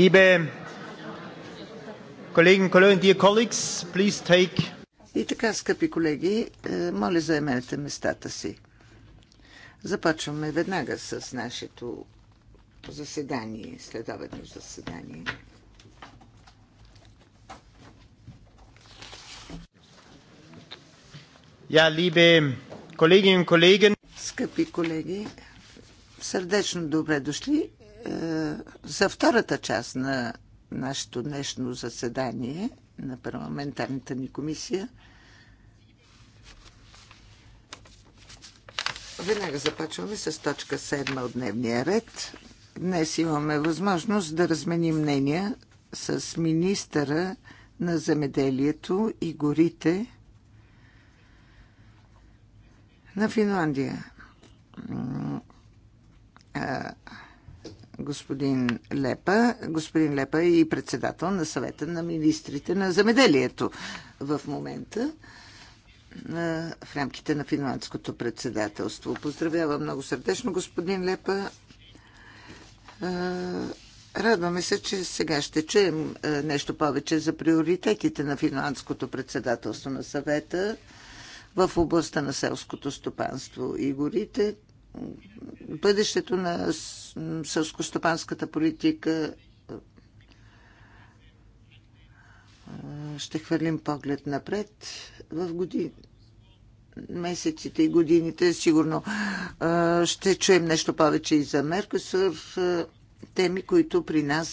Liebe Колеги, колеги, dear colleagues, please take... И така, скъпи колеги, е, моля заемете местата си. Започваме веднага с нашето заседание, следобедно заседание. Я, либе колеги и колеги... Скъпи колеги, сърдечно добре дошли е, за втората част на нашето днешно заседание на парламентарната ни комисия. Веднага започваме с точка 7 от дневния ред. Днес имаме възможност да разменим мнения с министъра на земеделието и горите на Финландия господин Лепа, господин Лепа е и председател на съвета на министрите на замеделието в момента в рамките на финландското председателство. Поздравявам много сърдечно господин Лепа. Радваме се, че сега ще чуем нещо повече за приоритетите на финландското председателство на съвета в областта на селското стопанство и горите бъдещето на сълскостопанската политика ще хвърлим поглед напред в години месеците и годините. Сигурно ще чуем нещо повече и за Меркосур, теми, които при нас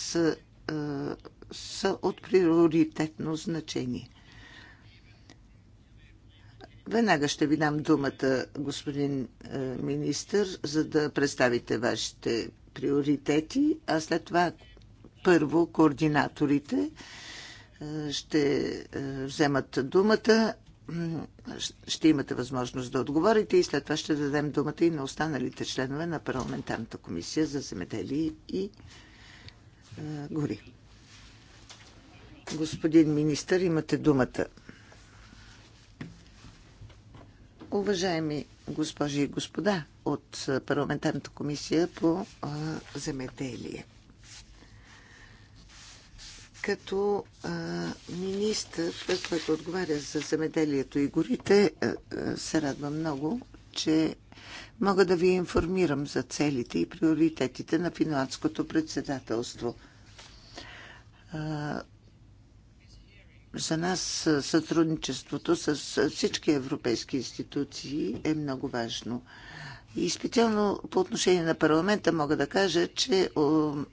са от приоритетно значение. Веднага ще ви дам думата, господин е, министър, за да представите вашите приоритети, а след това първо координаторите е, ще е, вземат думата. Ще имате възможност да отговорите и след това ще дадем думата и на останалите членове на парламентарната комисия за земеделие и гори. Господин министър, имате думата. Уважаеми госпожи и господа от парламентарната комисия по земеделие. Като министър, който отговаря за земеделието и горите, се радвам много, че мога да ви информирам за целите и приоритетите на финландското председателство за нас сътрудничеството с всички европейски институции е много важно. И специално по отношение на парламента мога да кажа, че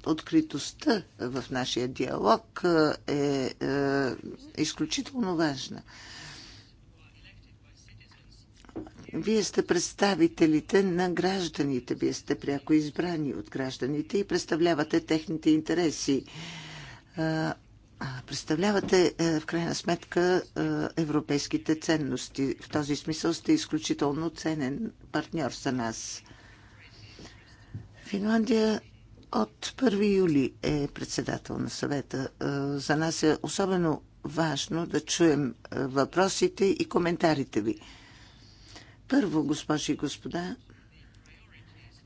откритостта в нашия диалог е изключително важна. Вие сте представителите на гражданите, вие сте пряко избрани от гражданите и представлявате техните интереси. Представлявате е, в крайна сметка е, европейските ценности. В този смисъл сте изключително ценен партньор за нас. Финландия от 1 юли е председател на съвета. Е, за нас е особено важно да чуем въпросите и коментарите ви. Първо, госпожи и господа,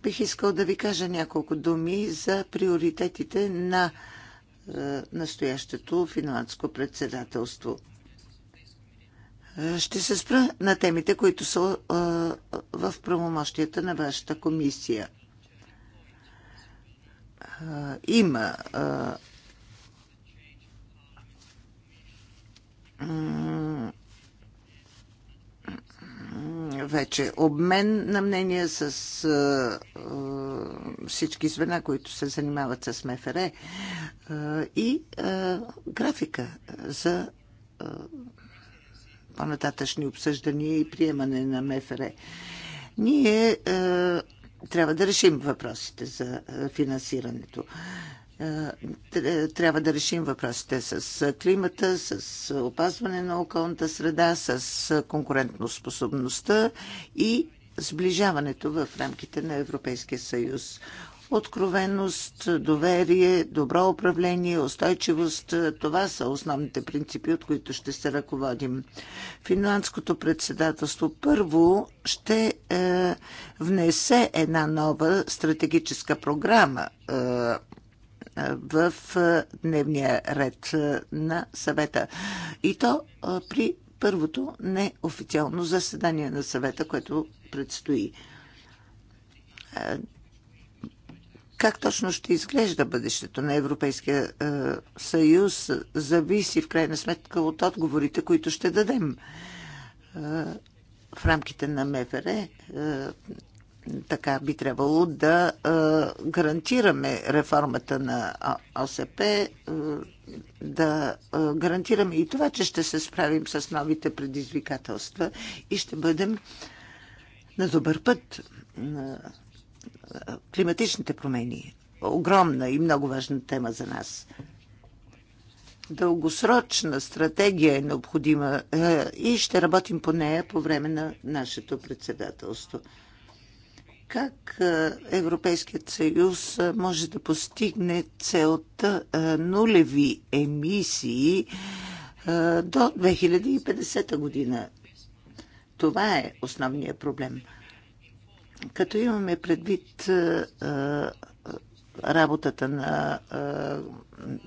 бих искал да ви кажа няколко думи за приоритетите на е, настоящето финландско председателство. Е, ще се спра на темите, които са е, в правомощията на вашата комисия. Има вече обмен на мнение с всички звена, които се занимават с МФР и графика за по-нататъчни обсъждания и приемане на МФР. Ние трябва да решим въпросите за финансирането. Е, трябва да решим въпросите с климата, с опазване на околната среда, с конкурентноспособността и сближаването в рамките на Европейския съюз. Откровеност, доверие, добро управление, устойчивост – това са основните принципи, от които ще се ръководим. Финландското председателство първо ще е, внесе една нова стратегическа програма е, в дневния ред на съвета. И то при първото неофициално заседание на съвета, което предстои. Как точно ще изглежда бъдещето на Европейския съюз, зависи в крайна сметка от отговорите, които ще дадем в рамките на МФР така би трябвало да гарантираме реформата на ОСП, да гарантираме и това, че ще се справим с новите предизвикателства и ще бъдем на добър път. Климатичните промени. Огромна и много важна тема за нас дългосрочна стратегия е необходима и ще работим по нея по време на нашето председателство. Как Европейският съюз може да постигне целта нулеви емисии до 2050 година? Това е основният проблем. Като имаме предвид работата на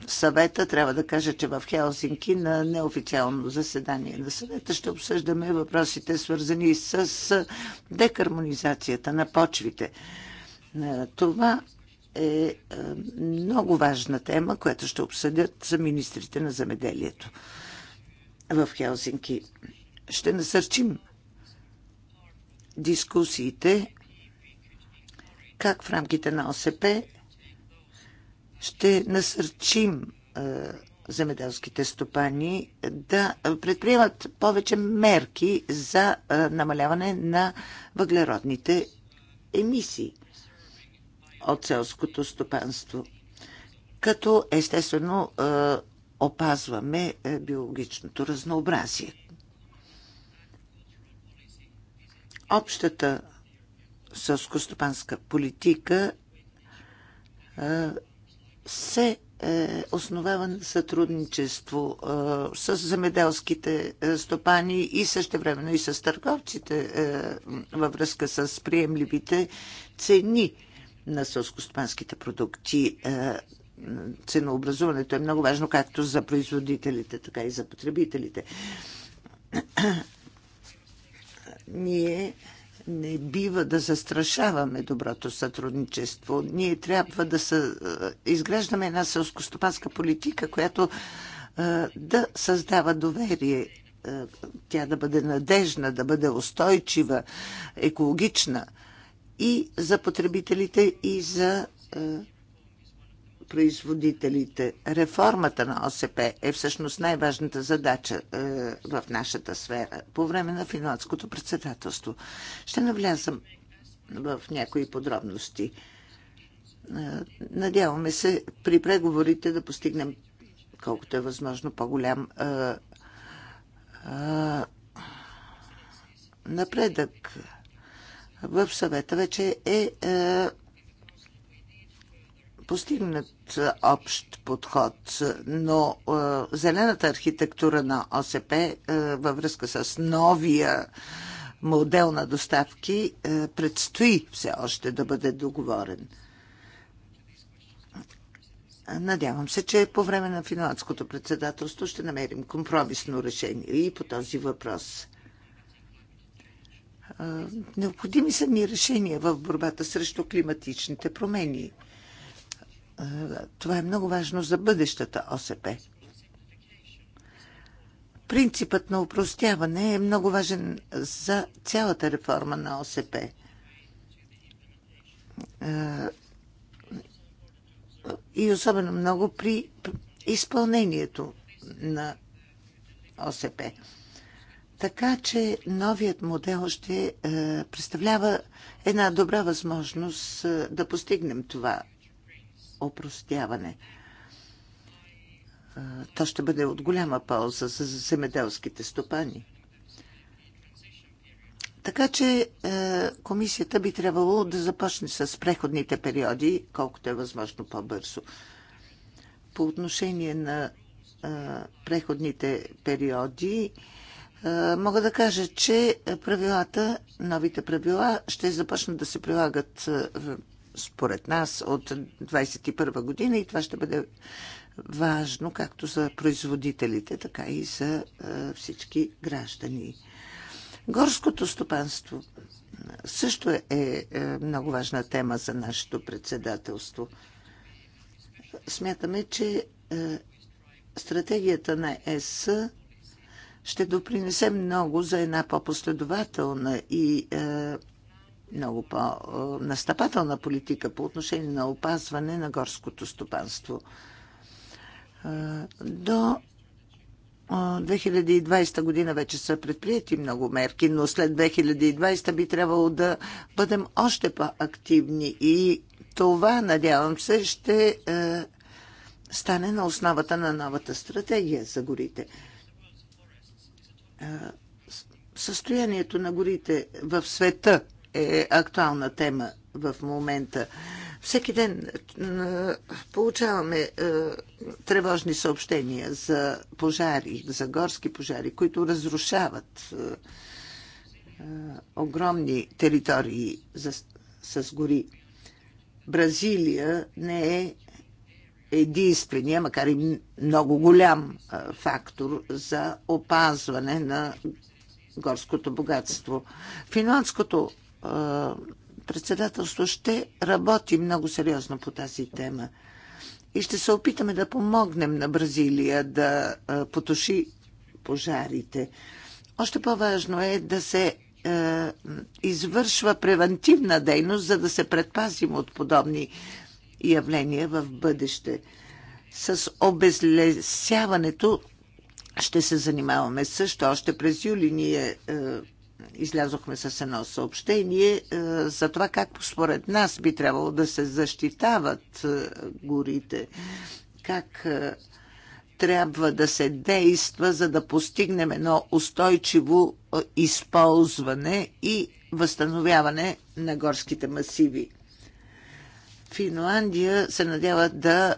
съвета, трябва да кажа, че в Хелсинки на неофициално заседание на съвета ще обсъждаме въпросите, свързани с декармонизацията на почвите. Това е много важна тема, която ще обсъдят за министрите на замеделието в Хелсинки. Ще насърчим дискусиите как в рамките на ОСП ще насърчим земеделските стопани да предприемат повече мерки за намаляване на въглеродните емисии от селското стопанство, като естествено опазваме биологичното разнообразие. Общата селско-стопанска политика се е основава на сътрудничество е, с земеделските е, стопани и също времено и с търговците е, във връзка с приемливите цени на сълскостопанските продукти. Е, ценообразуването е много важно както за производителите, така и за потребителите. Ние не бива да застрашаваме доброто сътрудничество. Ние трябва да са, е, изграждаме една селскостопанска политика, която е, да създава доверие, е, тя да бъде надежна, да бъде устойчива, екологична и за потребителите, и за производителите. Реформата на ОСП е всъщност най-важната задача е, в нашата сфера по време на финландското председателство. Ще навлязам в някои подробности. Е, надяваме се при преговорите да постигнем колкото е възможно по-голям е, е, напредък. В съвета вече е, е постигнат общ подход, но зелената архитектура на ОСП във връзка с новия модел на доставки предстои все още да бъде договорен. Надявам се, че по време на финландското председателство ще намерим компромисно решение и по този въпрос. Необходими са ни решения в борбата срещу климатичните промени – това е много важно за бъдещата ОСП. Принципът на упростяване е много важен за цялата реформа на ОСП. Е, и особено много при изпълнението на ОСП. Така че новият модел ще е, представлява една добра възможност е, да постигнем това опростяване. То ще бъде от голяма полза за земеделските стопани. Така че комисията би трябвало да започне с преходните периоди, колкото е възможно по-бързо. По отношение на преходните периоди, мога да кажа, че правилата, новите правила ще започнат да се прилагат според нас, от 2021 година и това ще бъде важно както за производителите, така и за е, всички граждани. Горското стопанство също е, е, е много важна тема за нашето председателство. Смятаме, че стратегията на ЕС ще допринесе много за една по-последователна и много по-настъпателна политика по отношение на опазване на горското стопанство. До 2020 година вече са предприяти много мерки, но след 2020 би трябвало да бъдем още по-активни и това, надявам се, ще е, стане на основата на новата стратегия за горите. Е, състоянието на горите в света е актуална тема в момента. Всеки ден е, получаваме е, тревожни съобщения за пожари, за горски пожари, които разрушават е, огромни територии с гори. Бразилия не е единствения, макар и много голям фактор за опазване на горското богатство. Финландското председателство ще работи много сериозно по тази тема и ще се опитаме да помогнем на Бразилия да потуши пожарите. Още по-важно е да се извършва превентивна дейност, за да се предпазим от подобни явления в бъдеще. С обезлесяването ще се занимаваме също. Още през юли ние излязохме с едно съобщение е, за това как според нас би трябвало да се защитават е, горите, как е, трябва да се действа, за да постигнем едно устойчиво използване и възстановяване на горските масиви. Финландия се надява да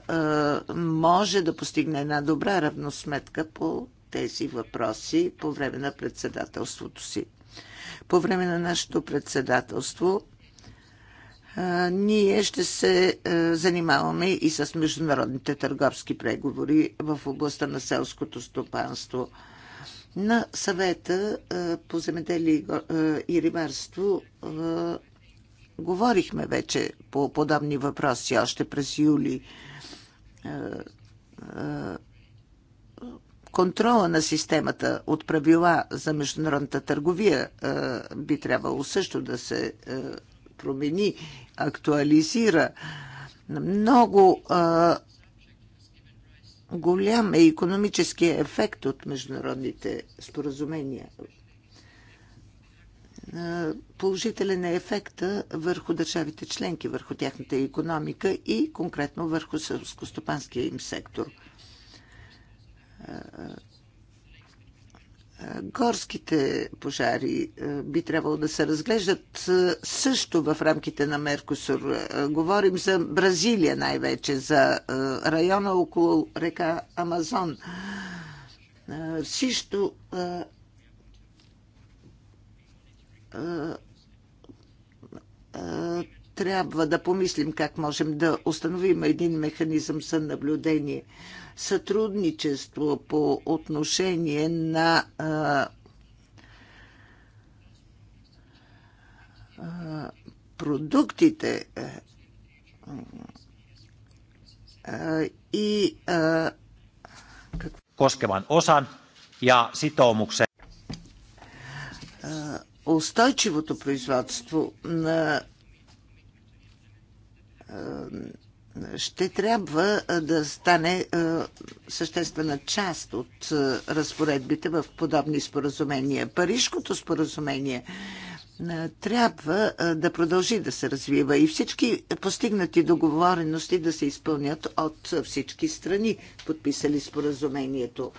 е, може да постигне една добра равносметка по тези въпроси по време на председателството си по време на нашето председателство ние ще се занимаваме и с международните търговски преговори в областта на селското стопанство. На съвета по земеделие и рибарство говорихме вече по подобни въпроси още през юли контрола на системата от правила за международната търговия е, би трябвало също да се е, промени, актуализира. Много е, голям е економическия ефект от международните споразумения. Положителен е ефекта върху държавите членки, върху тяхната економика и конкретно върху сълскостопанския им сектор – горските пожари е, би трябвало да се разглеждат е, също в рамките на Меркосур. Е, говорим за Бразилия най-вече, за района около река Амазон. Всичко трябва да помислим как можем да установим един механизъм за наблюдение сътрудничество по отношение на продуктите е, и а, koskevan osan ja sitoumuksen устойчивото производство на ще трябва да стане съществена част от разпоредбите в подобни споразумения. Парижкото споразумение трябва да продължи да се развива и всички постигнати договорености да се изпълнят от всички страни, подписали споразумението.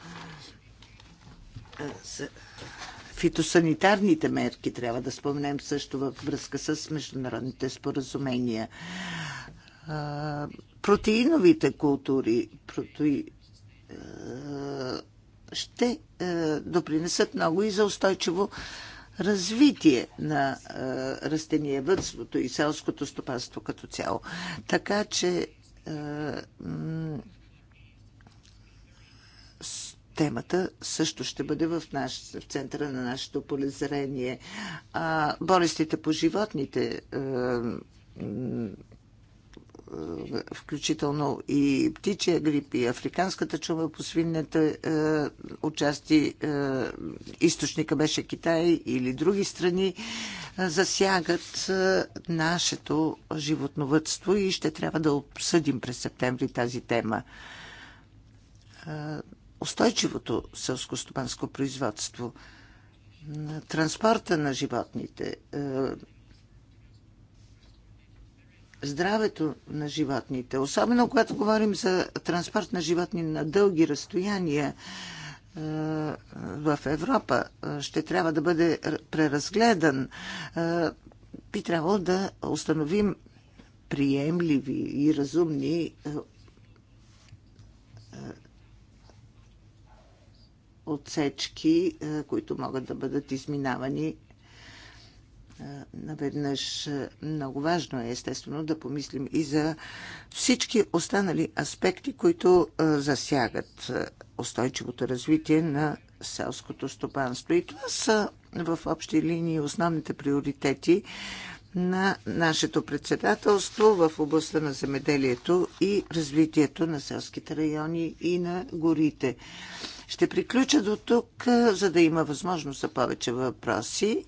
Фитосанитарните мерки трябва да споменем също във връзка с международните споразумения протеиновите култури протеи, а, ще а, допринесат много и за устойчиво развитие на а, растениевътството и селското стопанство като цяло. Така че а, темата също ще бъде в, наш, в центъра на нашето полезрение. А, болестите по животните, е, включително и птичия грип, и африканската чума по свинята, е, отчасти е, източника беше Китай или други страни, засягат нашето животновътство и ще трябва да обсъдим през септември тази тема. Устойчивото селско-стопанско производство – транспорта на животните, здравето на животните, особено когато говорим за транспорт на животни на дълги разстояния е, в Европа, е, ще трябва да бъде преразгледан. Е, би трябвало да установим приемливи и разумни отсечки, които могат да бъдат изминавани наведнъж. Много важно е, естествено, да помислим и за всички останали аспекти, които засягат устойчивото развитие на селското стопанство. И това са в общи линии основните приоритети на нашето председателство в областта на земеделието и развитието на селските райони и на горите. Ще приключа до тук, за да има възможност за повече въпроси.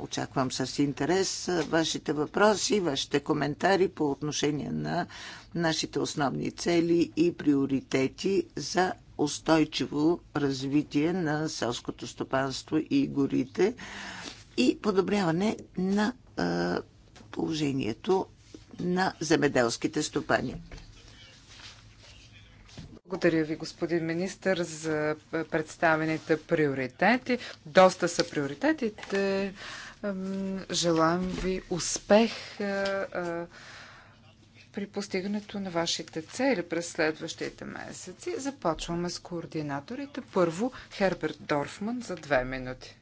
Очаквам с интерес вашите въпроси, вашите коментари по отношение на нашите основни цели и приоритети за устойчиво развитие на селското стопанство и горите и подобряване на положението на земеделските стопани. Благодаря ви, господин министр, за представените приоритети. Доста са приоритетите. Желаем ви успех при постигането на вашите цели през следващите месеци. Започваме с координаторите. Първо Херберт Дорфман за две минути.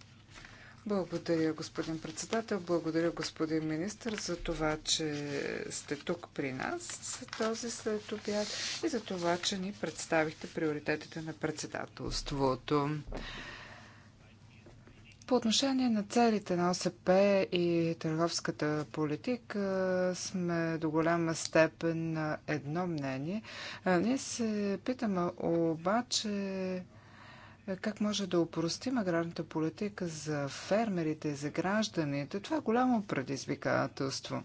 Благодаря, господин председател. Благодаря, господин министр, за това, че сте тук при нас за този след обяд и за това, че ни представихте приоритетите на председателството. По отношение на целите на ОСП и търговската политика сме до голяма степен на едно мнение. Ние се питаме обаче е, как може да упростим аграрната политика за фермерите, за гражданите. Това е голямо предизвикателство.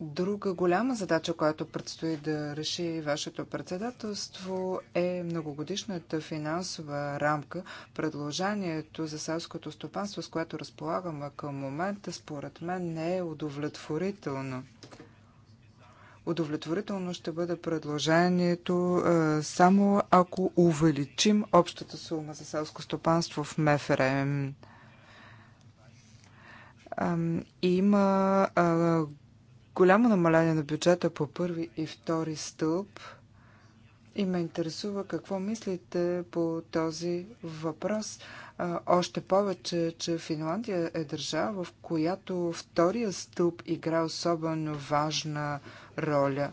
Друга голяма задача, която предстои да реши вашето председателство е многогодишната финансова рамка. Предложението за селското стопанство, с което разполагаме към момента, според мен не е удовлетворително. Удовлетворително ще бъде предложението само ако увеличим общата сума за селско стопанство в МФРМ. Има голямо намаляние на бюджета по първи и втори стълб и ме интересува какво мислите по този въпрос. Още повече, че Финландия е държава, в която втория стълб игра особено важна роля.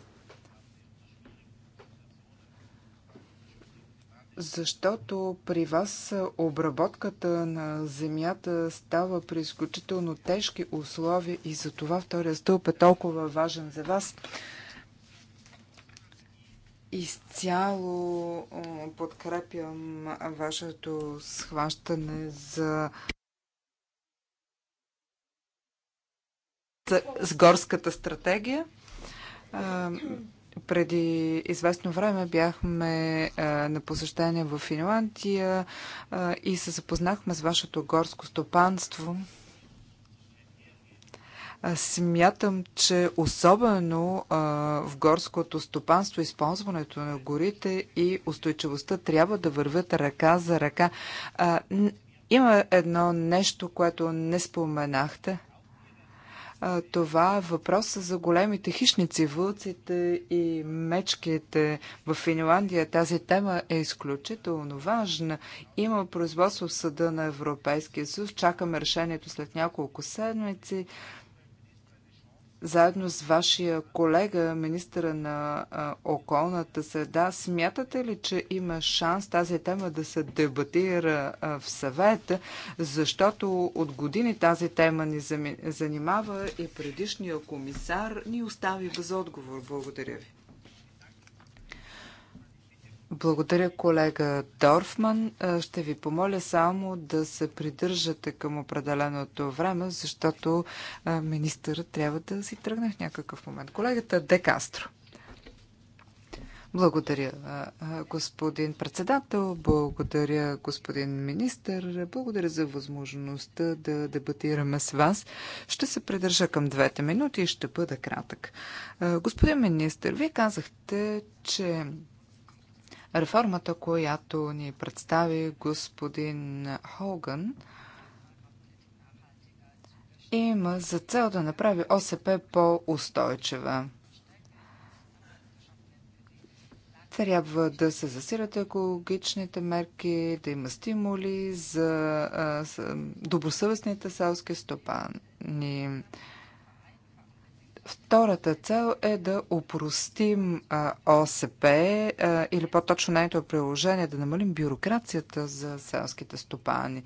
Защото при вас обработката на земята става при изключително тежки условия и за това втория стълб е толкова важен за вас. Изцяло подкрепям вашето схващане за с горската стратегия. Преди известно време бяхме на посещение в Финландия и се запознахме с вашето горско стопанство. Смятам, че особено в горското стопанство използването на горите и устойчивостта трябва да вървят ръка за ръка. Има едно нещо, което не споменахте. Това е въпроса за големите хищници, вълците и мечките в Финландия. Тази тема е изключително важна. Има производство в Съда на Европейския съюз. Чакаме решението след няколко седмици заедно с вашия колега, министра на околната среда, смятате ли, че има шанс тази тема да се дебатира в съвета, защото от години тази тема ни занимава и предишния комисар ни остави без отговор. Благодаря ви. Благодаря, колега Дорфман. Ще ви помоля само да се придържате към определеното време, защото министърът трябва да си тръгне в някакъв момент. Колегата Де Кастро. Благодаря, господин председател, благодаря, господин министър, благодаря за възможността да дебатираме с вас. Ще се придържа към двете минути и ще бъда кратък. Господин министър, вие казахте, че Реформата, която ни представи господин Хоган, има за цел да направи ОСП по-устойчива. Трябва да се засилят екологичните мерки, да има стимули за добросъвестните селски стопани Втората цел е да опростим ОСП или по-точно нейното приложение, да намалим бюрокрацията за селските стопани.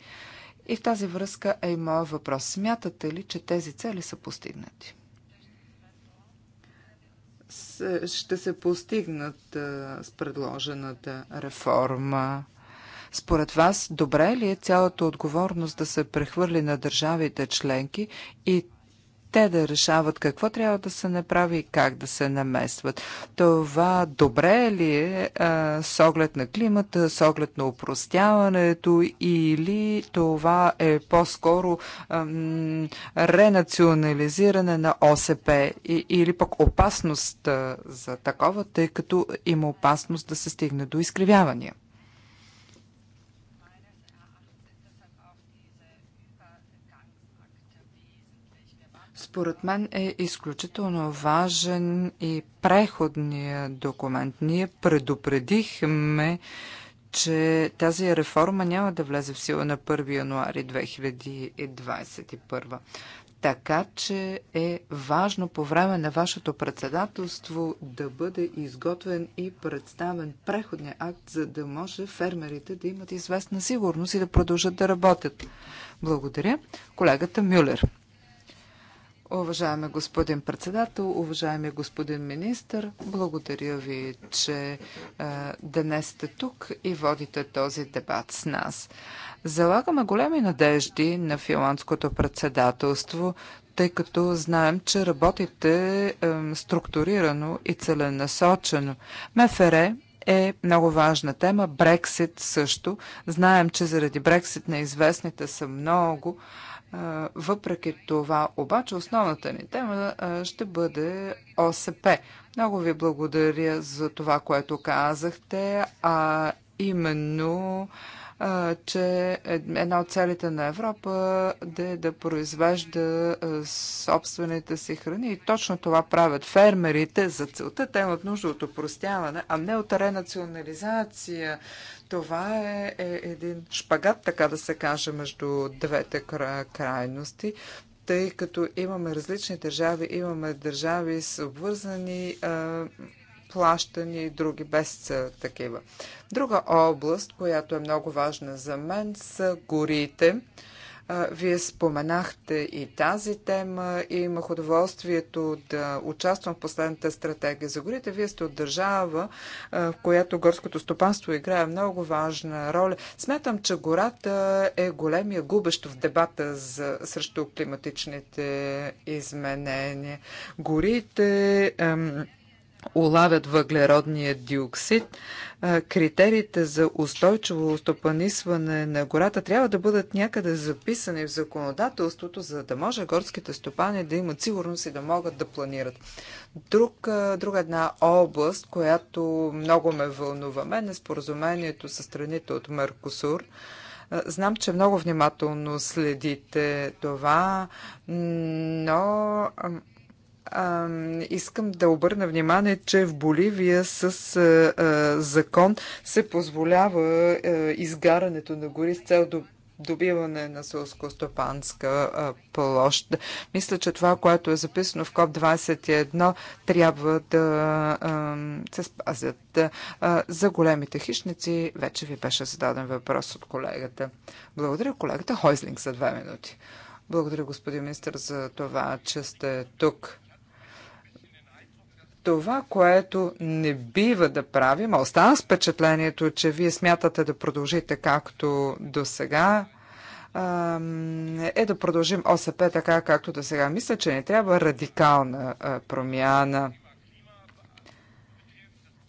И в тази връзка е и моят въпрос. Смятате ли, че тези цели са постигнати? Ще се постигнат с предложената реформа. Според вас, добре ли е цялата отговорност да се прехвърли на държавите членки и те да решават какво трябва да се направи и как да се наместват. Това добре ли е а, с оглед на климата, с оглед на упростяването или това е по-скоро ренационализиране на ОСП и, или пък опасност за такова, тъй като има опасност да се стигне до изкривявания? според мен е изключително важен и преходният документ. Ние предупредихме, че тази реформа няма да влезе в сила на 1 януари 2021. Така че е важно по време на вашето председателство да бъде изготвен и представен преходния акт, за да може фермерите да имат известна сигурност и да продължат да работят. Благодаря. Колегата Мюллер. Уважаеми господин председател, уважаеми господин министр, благодаря ви, че е, днес сте тук и водите този дебат с нас. Залагаме големи надежди на финландското председателство, тъй като знаем, че работите е, структурирано и целенасочено. МФР е много важна тема. Брексит също. Знаем, че заради Брексит неизвестните са много. Въпреки това, обаче, основната ни тема ще бъде ОСП. Много ви благодаря за това, което казахте, а именно че е, една от целите на Европа да е да произвежда собствените си храни. И точно това правят фермерите. За целта те имат нужда от опростяване, а не от ренационализация. Това е, е един шпагат, така да се каже, между двете крайности тъй като имаме различни държави, имаме държави с обвързани а, плащания и други без такива. Друга област, която е много важна за мен, са горите. Вие споменахте и тази тема и имах удоволствието да участвам в последната стратегия за горите. Вие сте от държава, в която горското стопанство играе много важна роля. Смятам, че гората е големия губещ в дебата за, срещу климатичните изменения. Горите. Ем, улавят въглеродния диоксид, критериите за устойчиво стопанисване на гората трябва да бъдат някъде записани в законодателството, за да може горските стопани да имат сигурност и да могат да планират. Друг, друга една област, която много ме вълнува мен е споразумението с страните от Меркосур. Знам, че много внимателно следите това, но а, искам да обърна внимание, че в Боливия с а, а, закон се позволява а, изгарането на гори с цел до добиване на селско-стопанска площ. Мисля, че това, което е записано в КОП-21, трябва да а, се спазят. А, за големите хищници вече ви беше зададен въпрос от колегата. Благодаря колегата Хойзлинг за две минути. Благодаря, господин министр, за това, че сте тук. Това, което не бива да правим, а остана с впечатлението, че вие смятате да продължите както до сега, е да продължим ОСП така както до сега. Мисля, че не трябва радикална промяна.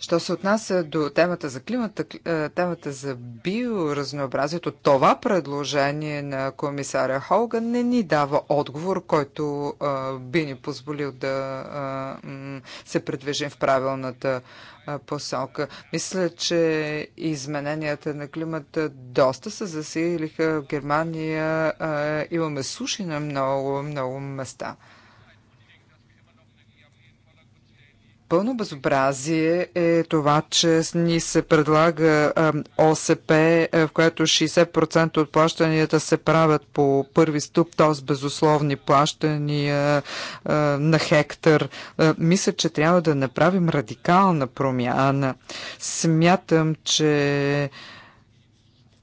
Що се отнася до темата за климата, е, темата за биоразнообразието, това предложение на комисаря Холган не ни дава отговор, който е, би ни позволил да е, се предвижим в правилната посока. Мисля, че измененията на климата доста се засилиха в Германия. Имаме суши на много, много места. Пълно безобразие е това, че ни се предлага ОСП, е, в което 60% от плащанията се правят по първи ступ, т.е. безусловни плащания на хектар. Мисля, че трябва да направим радикална промяна. Смятам, че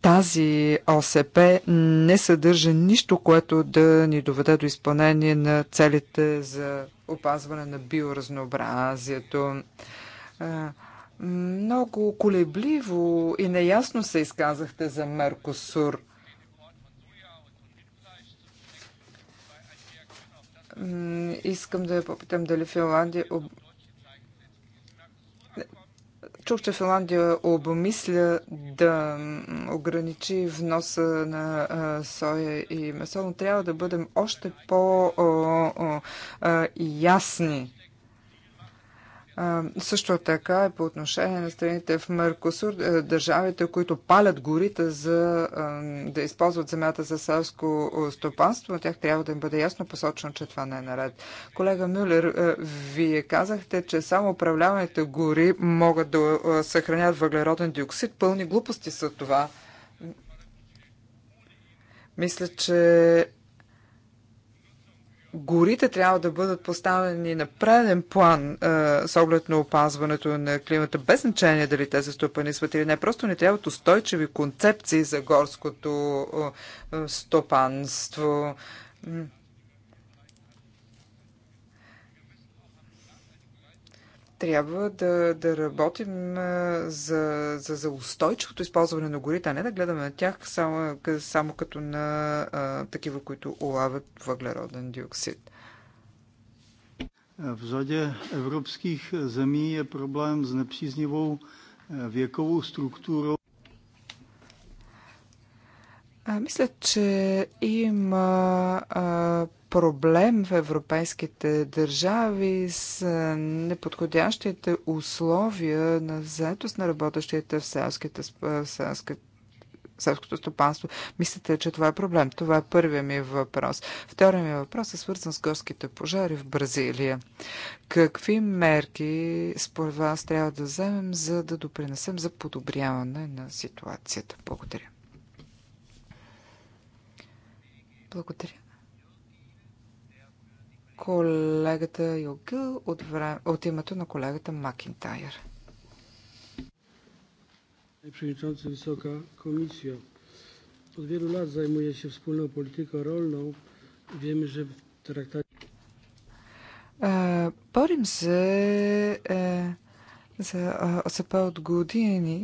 тази ОСП не съдържа нищо, което да ни доведе до изпълнение на целите за опазване на биоразнообразието. Много колебливо и неясно се изказахте за Меркосур. Искам да я попитам дали Финландия Чух, че Финландия обмисля да ограничи вноса на соя и месо, но трябва да бъдем още по-ясни. Също така е по отношение на страните в Меркосур, е, държавите, които палят горите за да използват земята за селско стопанство, на тях трябва да им бъде ясно посочено, че това не е наред. Колега Мюллер, вие казахте, че само управляваните гори могат да съхранят въглероден диоксид. Пълни глупости са това. Мисля, че горите трябва да бъдат поставени на преден план а, е, с оглед на опазването на климата, без значение дали те застъпани стопанисват или не. Просто не трябват устойчиви концепции за горското а, е, е, стопанство. Трябва да, да работим за, за, за устойчивото използване на горите, а не да гледаме на тях само, само като на а, такива, които улавят въглероден диоксид. V řadě evropských zemí je problém s nepříznivou věkovou strukturou а, мисля, че има а, проблем в европейските държави с неподходящите условия на заетост на работещите в, селските, в селските, селското стопанство. Мислите, че това е проблем? Това е първият ми въпрос. Вторият ми въпрос е свързан с горските пожари в Бразилия. Какви мерки според вас трябва да вземем, за да допринесем за подобряване на ситуацията? Благодаря. Благодаря. Колегата Йогил от, време, от името на колегата Макинтайр. Przewodniczący, Wysoka Komisjo. Od wielu lat zajmuję się wspólną polityką rolną. Wiemy, że w traktacie. Борим се за ОСП от години.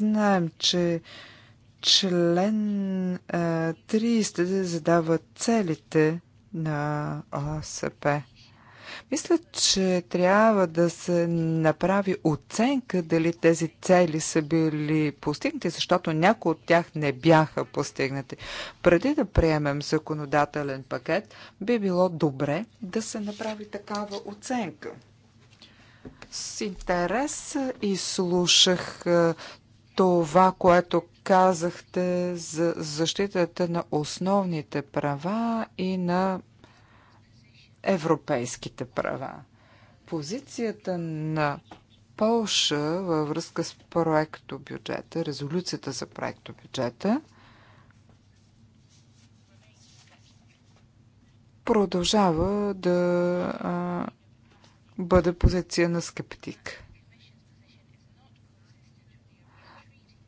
Знаем, че Член 30 задава целите на ОСП. Мисля, че трябва да се направи оценка дали тези цели са били постигнати, защото някои от тях не бяха постигнати. Преди да приемем законодателен пакет, би било добре да се направи такава оценка. С интерес изслушах това, което казахте за защитата на основните права и на европейските права. Позицията на Полша във връзка с проекто бюджета, резолюцията за проекто бюджета, продължава да а, бъде позиция на скептик.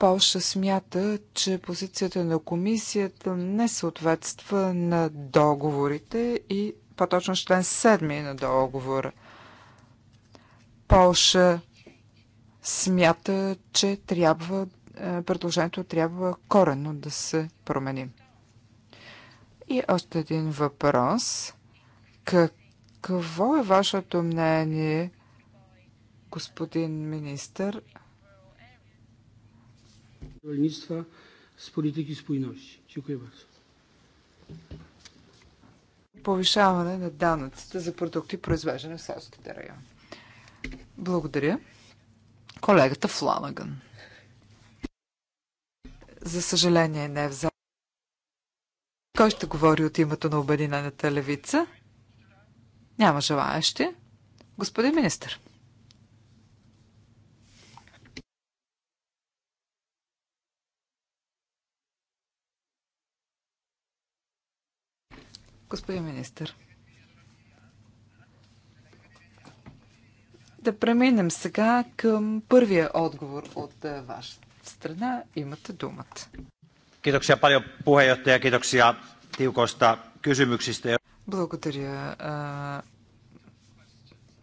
Полша смята, че позицията на комисията не съответства на договорите и по-точно член 7 на договора. Полша смята, че трябва, е, предложението трябва коренно да се промени. И още един въпрос. Какво е вашето мнение, господин министър, rolnictwa z polityki spójności. Dziękuję bardzo. Повишаване на данъците за продукти, произвеждани в селските райони. Благодаря. Колегата Фланаган. За съжаление не е в зала. Кой ще говори от името на Обединената левица? Няма желаящи. Господин министър. Господин министър, да преминем сега към първия отговор от е, ваша страна. Имате думата. Благодаря а,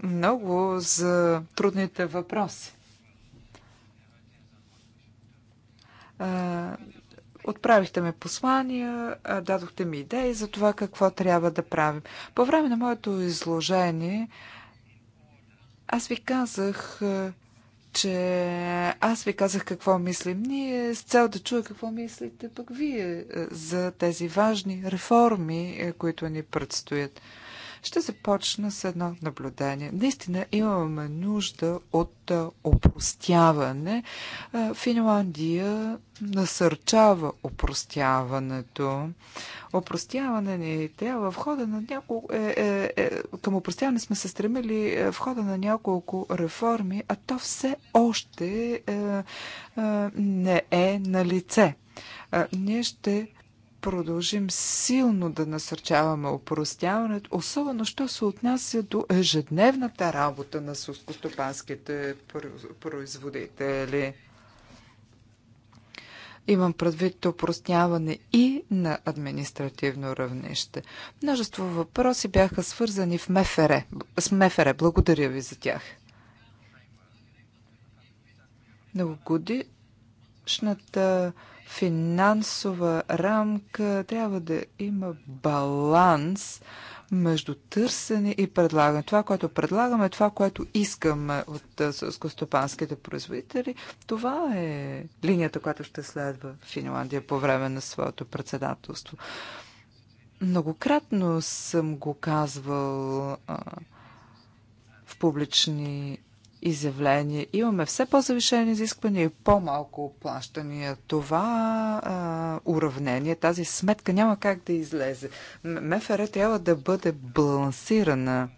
много за трудните въпроси. А, Отправихте ме послания, дадохте ми идеи за това какво трябва да правим. По време на моето изложение аз ви казах, че аз ви казах какво мислим ние, с цел да чуя какво мислите пък вие за тези важни реформи, които ни предстоят. Ще започна с едно наблюдение. Наистина имаме нужда от опростяване. Финландия насърчава опростяването. Опростяване ни трябва е в хода на няколко... Е, е, е, към опростяване сме се стремили е, в хода на няколко реформи, а то все още е, е, не е на лице. ние ще продължим силно да насърчаваме упростяването, особено що се отнася до ежедневната работа на сълскостопанските производители. Имам предвид упростняване и на административно равнище. Множество въпроси бяха свързани в МФР. С МФР. Благодаря ви за тях. Многогодишната финансова рамка трябва да има баланс между търсене и предлагане. Това, което предлагаме, е това, което искаме от скостопанските производители, това е линията, която ще следва Финландия по време на своето председателство. Многократно съм го казвал а, в публични изявление. Имаме все по-завишени изисквания и по-малко плащания. Това а, уравнение, тази сметка няма как да излезе. МФР трябва да бъде балансирана.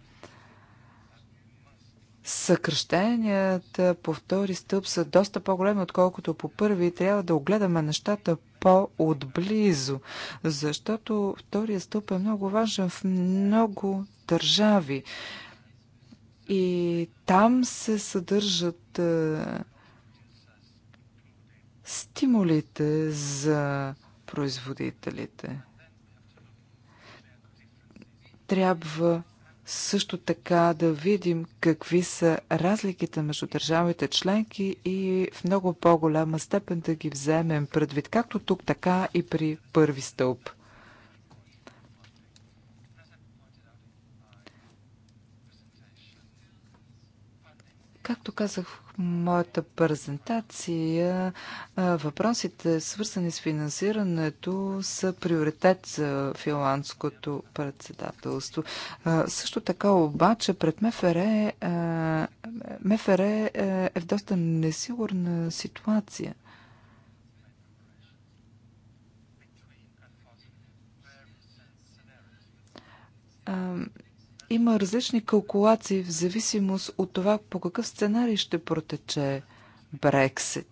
Съкръщенията по втори стълб са доста по-големи, отколкото по първи трябва да огледаме нещата по-отблизо, защото втория стълб е много важен в много държави. И там се съдържат е, стимулите за производителите. Трябва също така да видим какви са разликите между държавите членки и в много по-голяма степен да ги вземем предвид, както тук, така и при първи стълб. Както казах в моята презентация, въпросите свързани с финансирането са приоритет за финландското председателство. Също така обаче пред МФР, МФР е в доста несигурна ситуация. Има различни калкулации в зависимост от това по какъв сценарий ще протече Брексит.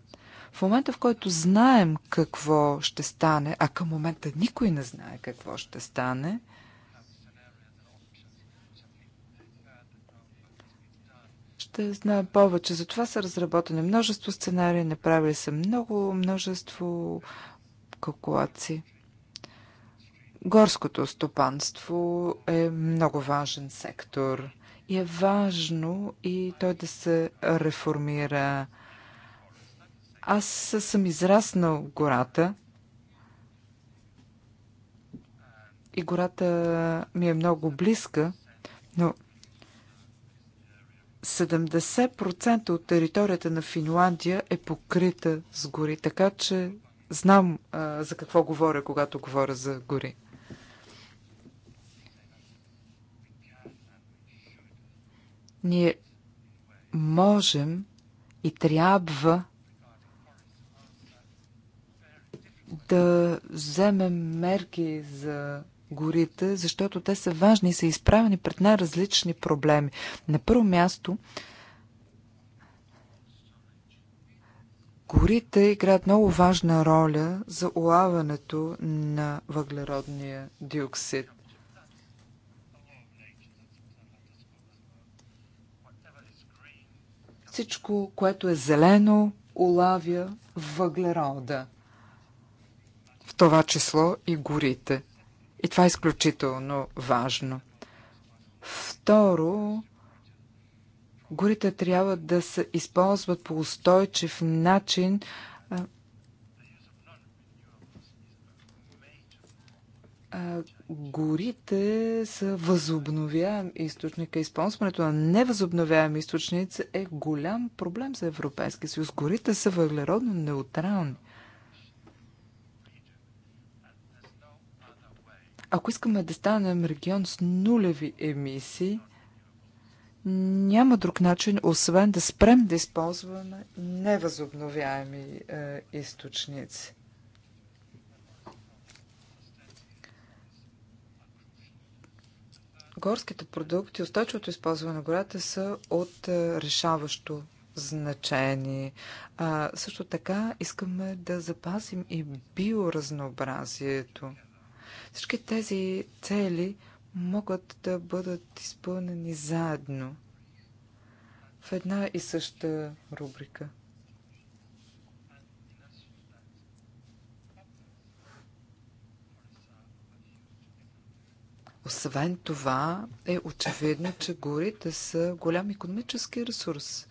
В момента, в който знаем какво ще стане, а към момента никой не знае какво ще стане, ще знаем повече. Затова са разработени множество сценарии, направили са много множество калкулации. Горското стопанство е много важен сектор и е важно и той да се реформира. Аз съм израснал в гората и гората ми е много близка, но 70% от територията на Финландия е покрита с гори, така че знам а, за какво говоря, когато говоря за гори. Ние можем и трябва да вземем мерки за горите, защото те са важни и са изправени пред най-различни проблеми. На първо място, горите играят много важна роля за улаването на въглеродния диоксид. Всичко, което е зелено, улавя въглерода. В това число и горите. И това е изключително важно. Второ, горите трябва да се използват по устойчив начин А, горите са възобновяем източник. Използването на невъзобновяем източници е голям проблем за Европейския съюз. Горите са въглеродно неутрални. Ако искаме да станем регион с нулеви емисии, няма друг начин, освен да спрем да използваме невъзобновяеми е, източници. горските продукти, устойчивото използване на гората са от е, решаващо значение. А, също така искаме да запазим и биоразнообразието. Всички тези цели могат да бъдат изпълнени заедно в една и съща рубрика – Освен това е очевидно, че горите са голям економически ресурс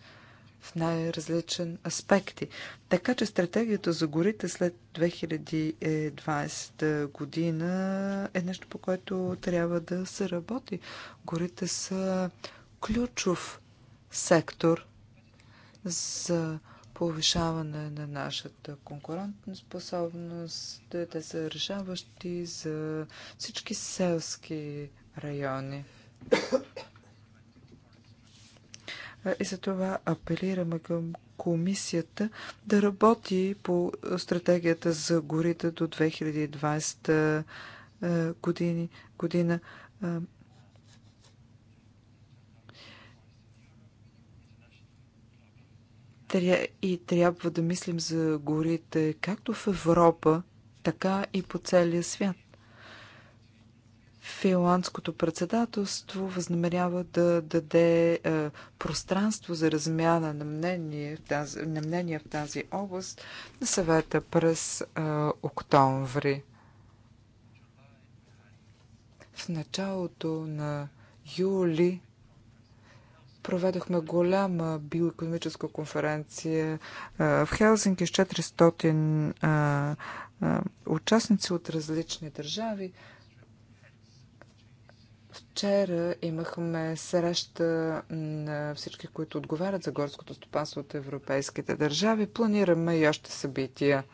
в най-различен аспекти. Така че стратегията за горите след 2020 година е нещо, по което трябва да се работи. Горите са ключов сектор за повишаване на нашата конкурентна способност. Те да са решаващи за всички селски райони. И за това апелираме към комисията да работи по стратегията за горите до 2020 е, години, година. Е, и трябва да мислим за горите както в Европа, така и по целия свят. Финландското председателство възнамерява да даде е, пространство за размяна на мнение, в тази, на мнение в тази област на съвета през е, октомври. В началото на юли Проведохме голяма биоекономическа конференция в Хелсинки с 400 участници от различни държави. Вчера имахме среща на всички, които отговарят за горското стопанство от европейските държави. Планираме и още събития.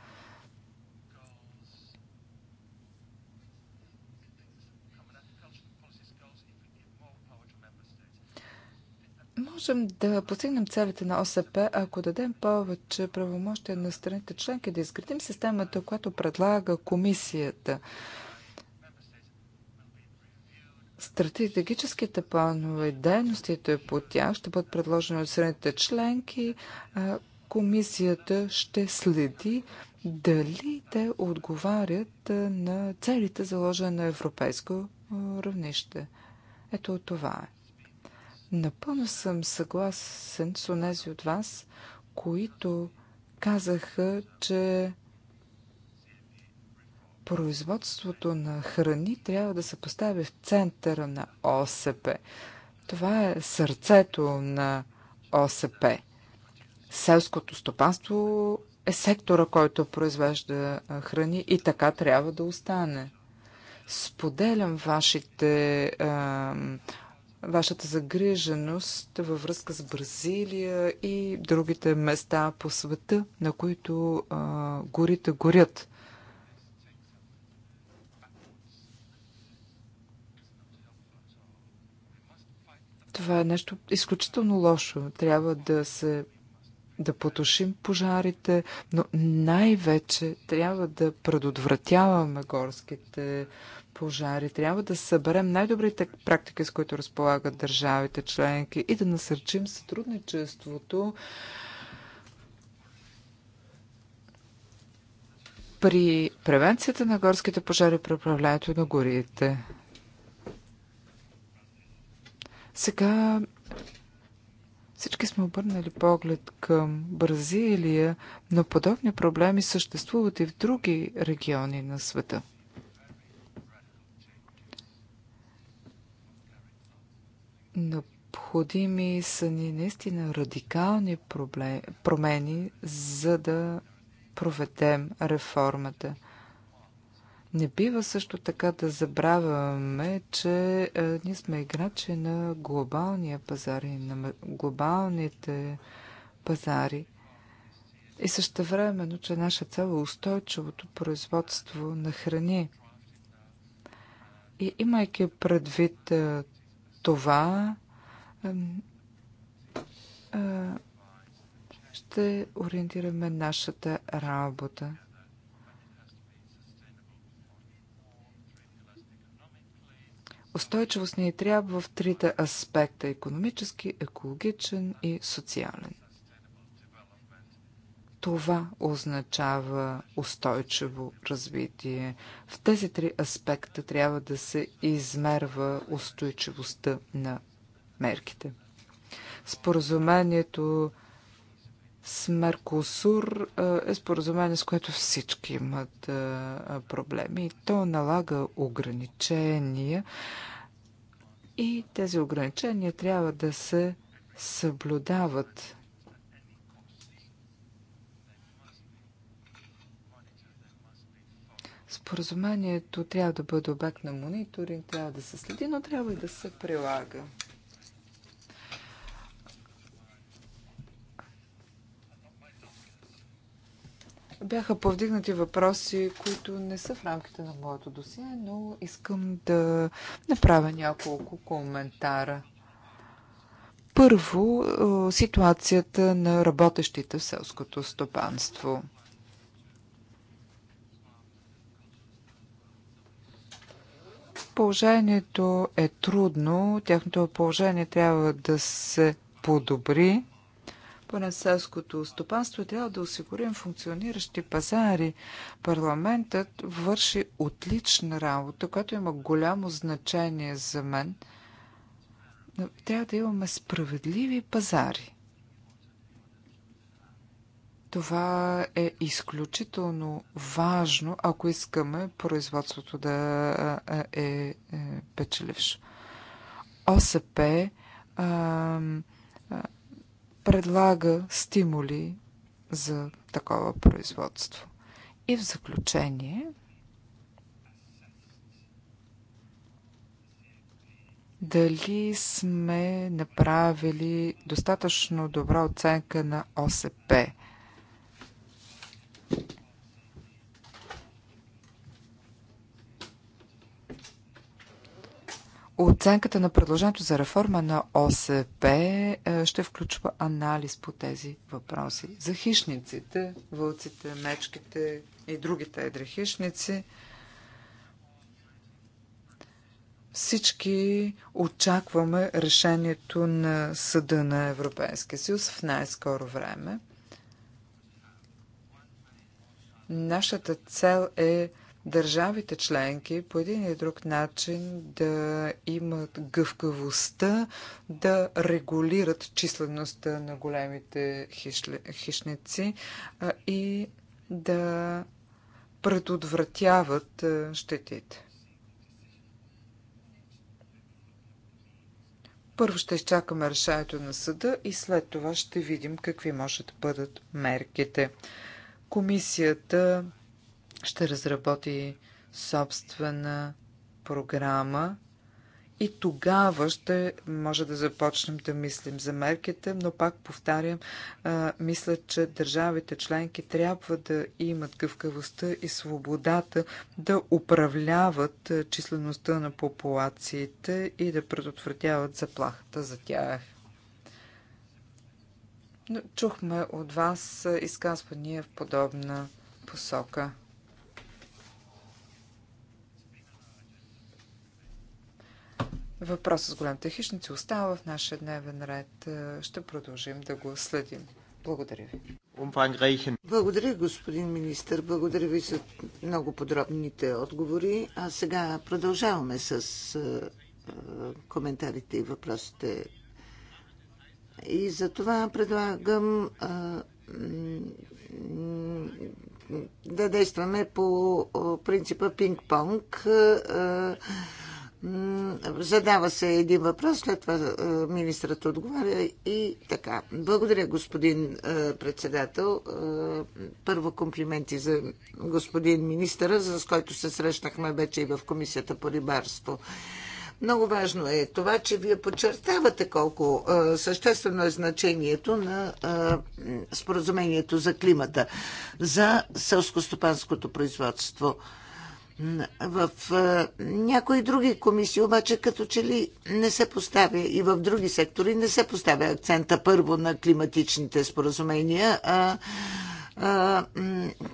можем да постигнем целите на ОСП, ако дадем повече правомощия на страните членки, да изградим системата, която предлага комисията. Стратегическите планове и дейностите по тях ще бъдат предложени от страните членки. Комисията ще следи дали те отговарят на целите заложени на европейско равнище. Ето това е. Напълно съм съгласен с онези от вас, които казаха, че производството на храни трябва да се постави в центъра на ОСП. Това е сърцето на ОСП. Селското стопанство е сектора, който произвежда храни и така трябва да остане. Споделям вашите а, вашата загриженост във връзка с Бразилия и другите места по света, на които а, горите горят. Това е нещо изключително лошо. Трябва да се да потушим пожарите, но най-вече трябва да предотвратяваме горските пожари. Трябва да съберем най-добрите практики, с които разполагат държавите членки и да насърчим сътрудничеството при превенцията на горските пожари при управлението на горите. Сега всички сме обърнали поглед към Бразилия, но подобни проблеми съществуват и в други региони на света. Необходими са ни наистина радикални проблем, промени, за да проведем реформата. Не бива също така да забравяме, че е, ние сме играчи на глобалния пазар и на глобалните пазари. И също времено, че наша цел е устойчивото производство на храни. И имайки предвид е, това, е, е ще ориентираме нашата работа. Устойчивост ни трябва в трите аспекта – економически, екологичен и социален. Това означава устойчиво развитие. В тези три аспекта трябва да се измерва устойчивостта на мерките. Споразумението с Меркосур е споразумение, с което всички имат проблеми. То налага ограничения и тези ограничения трябва да се съблюдават. Споразумението трябва да бъде обект на мониторинг, трябва да се следи, но трябва и да се прилага. Бяха повдигнати въпроси, които не са в рамките на моето досие, но искам да направя няколко коментара. Първо, е, ситуацията на работещите в селското стопанство. Положението е трудно, тяхното положение трябва да се подобри поне селското стопанство трябва да осигурим функциониращи пазари. Парламентът върши отлична работа, която има голямо значение за мен. Трябва да имаме справедливи пазари. Това е изключително важно, ако искаме производството да е, е, печелившо. ОСП а, предлага стимули за такова производство. И в заключение дали сме направили достатъчно добра оценка на ОСП – Оценката на предложението за реформа на ОСП е, ще включва анализ по тези въпроси. За хищниците, вълците, мечките и другите едри хищници, всички очакваме решението на Съда на Европейския съюз в най-скоро време. Нашата цел е държавите членки по един или друг начин да имат гъвкавостта да регулират числеността на големите хищници и да предотвратяват щетите. Първо ще изчакаме решението на съда и след това ще видим какви може да бъдат мерките. Комисията ще разработи собствена програма и тогава ще може да започнем да мислим за мерките, но пак повтарям, а, мисля, че държавите членки трябва да имат гъвкавостта и свободата да управляват числеността на популациите и да предотвратяват заплахата за тях. Чухме от вас изказвания в подобна посока. Въпросът с големите хищници остава в нашия дневен ред. Е, ще продължим да го следим. Благодаря ви. Благодаря, господин министр. Благодаря ви за много подробните отговори. А сега продължаваме с е, е, коментарите и въпросите. И за това предлагам да действаме по принципа пинг-понг Задава се един въпрос, след това е, министрът отговаря и така. Благодаря, господин е, председател. Е, първо комплименти за господин министъра, с който се срещнахме вече и в Комисията по рибарство. Много важно е това, че вие подчертавате колко съществено е значението на споразумението за климата, за сълско-стопанското производство. В някои други комисии обаче като че ли не се поставя и в други сектори не се поставя акцента първо на климатичните споразумения, а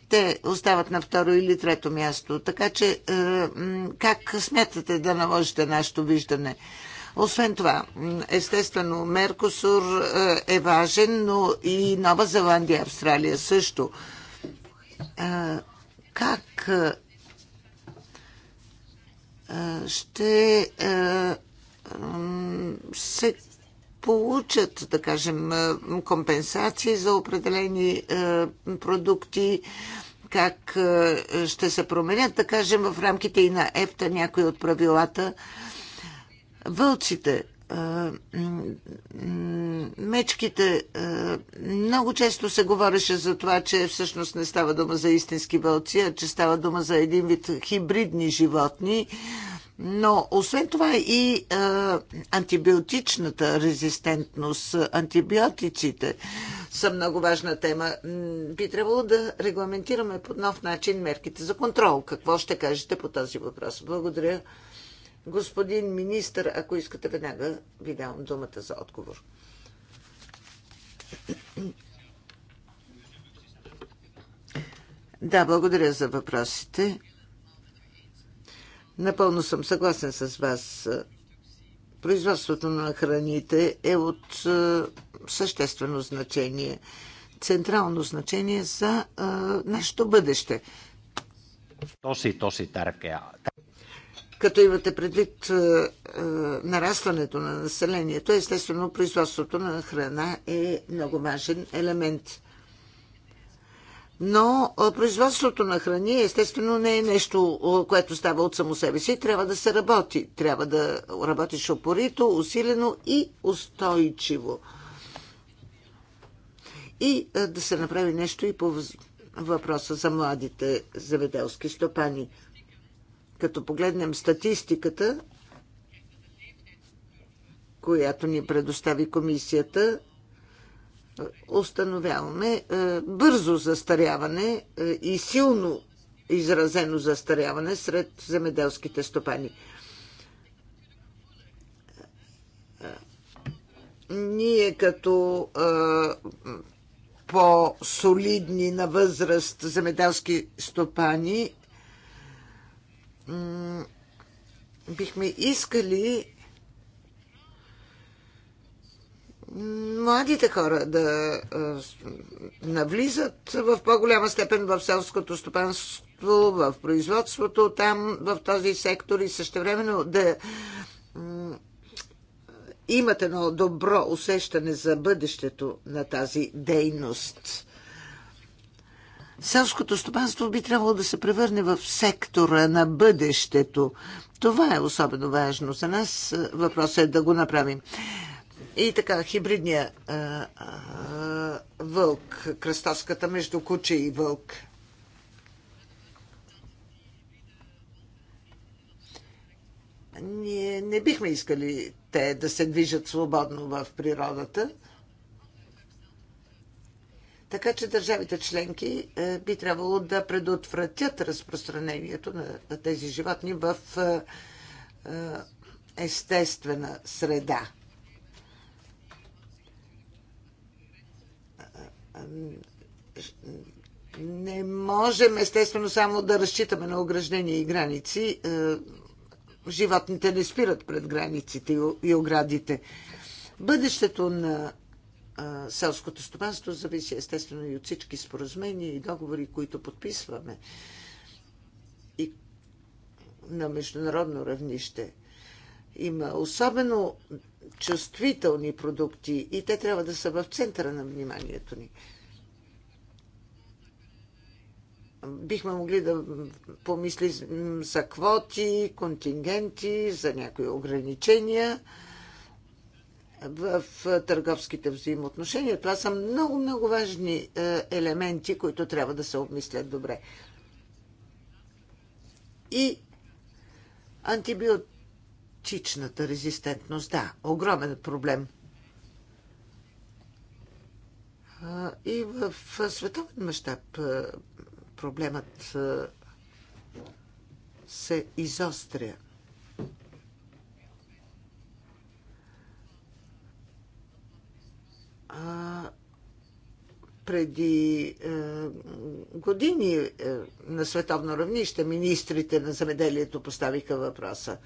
те остават на второ или трето място. Така че как смятате да наложите нашето виждане? Освен това, естествено, Меркосур е, е важен, но и Нова Зеландия, Австралия също. Как ще се получат, да кажем, компенсации за определени продукти, как ще се променят, да кажем, в рамките и на ЕФТА някои от правилата. Вълците мечките. Много често се говореше за това, че всъщност не става дума за истински вълци, а че става дума за един вид хибридни животни. Но освен това и а, антибиотичната резистентност, антибиотиците са много важна тема. Би трябвало да регламентираме по нов начин мерките за контрол. Какво ще кажете по този въпрос? Благодаря. Господин министр, ако искате веднага, ви давам думата за отговор. Да, благодаря за въпросите. Напълно съм съгласен с вас. Производството на храните е от съществено значение, централно значение за нашето бъдеще. Тоси, тоси, тärkeä като имате предвид е, е, нарастването на населението, естествено производството на храна е много важен елемент. Но е, производството на храни естествено не е нещо, е, което става от само себе си. Трябва да се работи. Трябва да работиш опорито, усилено и устойчиво. И да се направи нещо и по въпроса за младите заведелски стопани. Като погледнем статистиката, която ни предостави комисията, установяваме е, бързо застаряване е, и силно изразено застаряване сред земеделските стопани. Ние като е, по-солидни на възраст земеделски стопани бихме искали младите хора да навлизат в по-голяма степен в селското стопанство, в производството там, в този сектор и същевременно да имат едно добро усещане за бъдещето на тази дейност. Селското стопанство би трябвало да се превърне в сектора на бъдещето. Това е особено важно за нас. Въпросът е да го направим. И така, хибридния а, а, вълк, кръстоската между куче и вълк. Ние не бихме искали те да се движат свободно в природата – така че държавите членки е, би трябвало да предотвратят разпространението на тези животни в е, е, естествена среда. Не можем естествено само да разчитаме на ограждения и граници. Животните не спират пред границите и оградите. Бъдещето на селското стопанство зависи естествено и от всички споразумения и договори, които подписваме и на международно равнище. Има особено чувствителни продукти и те трябва да са в центъра на вниманието ни. Бихме могли да помисли за квоти, контингенти, за някои ограничения – в търговските взаимоотношения. Това са много, много важни е, елементи, които трябва да се обмислят добре. И антибиотичната резистентност, да, огромен проблем. И в световен мащаб е, проблемът е, се изостря. преди е, години е, на световно равнище министрите на земеделието поставиха въпроса.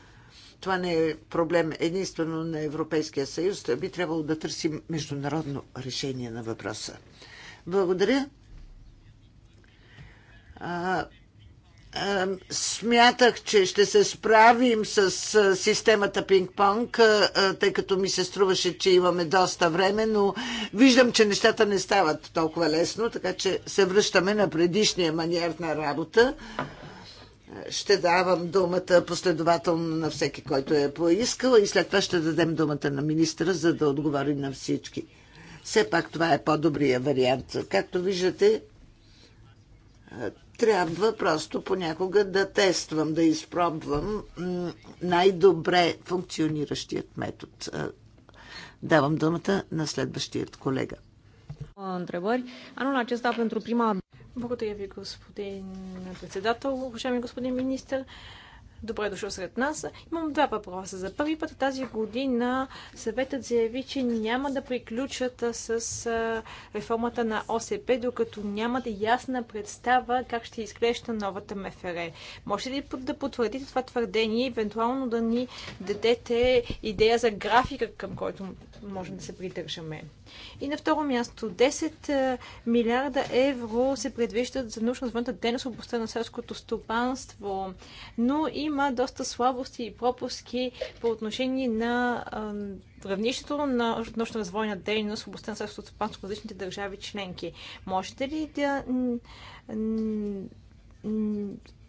Това не е проблем единствено на Европейския съюз. Той би трябвало да търсим международно решение на въпроса. Благодаря. А, Смятах, че ще се справим с системата пинг-понг, тъй като ми се струваше, че имаме доста време, но виждам, че нещата не стават толкова лесно, така че се връщаме на предишния маниер на работа. Ще давам думата последователно на всеки, който е поискал и след това ще дадем думата на министра, за да отговори на всички. Все пак това е по-добрия вариант. Както виждате, трябва просто понякога да тествам, да изпробвам най-добре функциониращият метод. Давам думата на следващият колега. Întrebări. Anul acesta pentru prima... Благодаря ви, господин председател. Уважаеми господин министр, Добре е дошъл сред нас. Имам два въпроса. За първи път тази година съветът заяви, че няма да приключат с реформата на ОСП, докато нямат ясна представа как ще изглежда новата МФР. Може ли да потвърдите това твърдение и евентуално да ни дадете идея за графика, към който можем да се придържаме? И на второ място, 10 милиарда евро се предвиждат за научно-развойната дейност в областта на селското стопанство, но има доста слабости и пропуски по отношение на равнището на научно-развойна дейност в областта на селското стопанство в различните държави членки. Можете ли да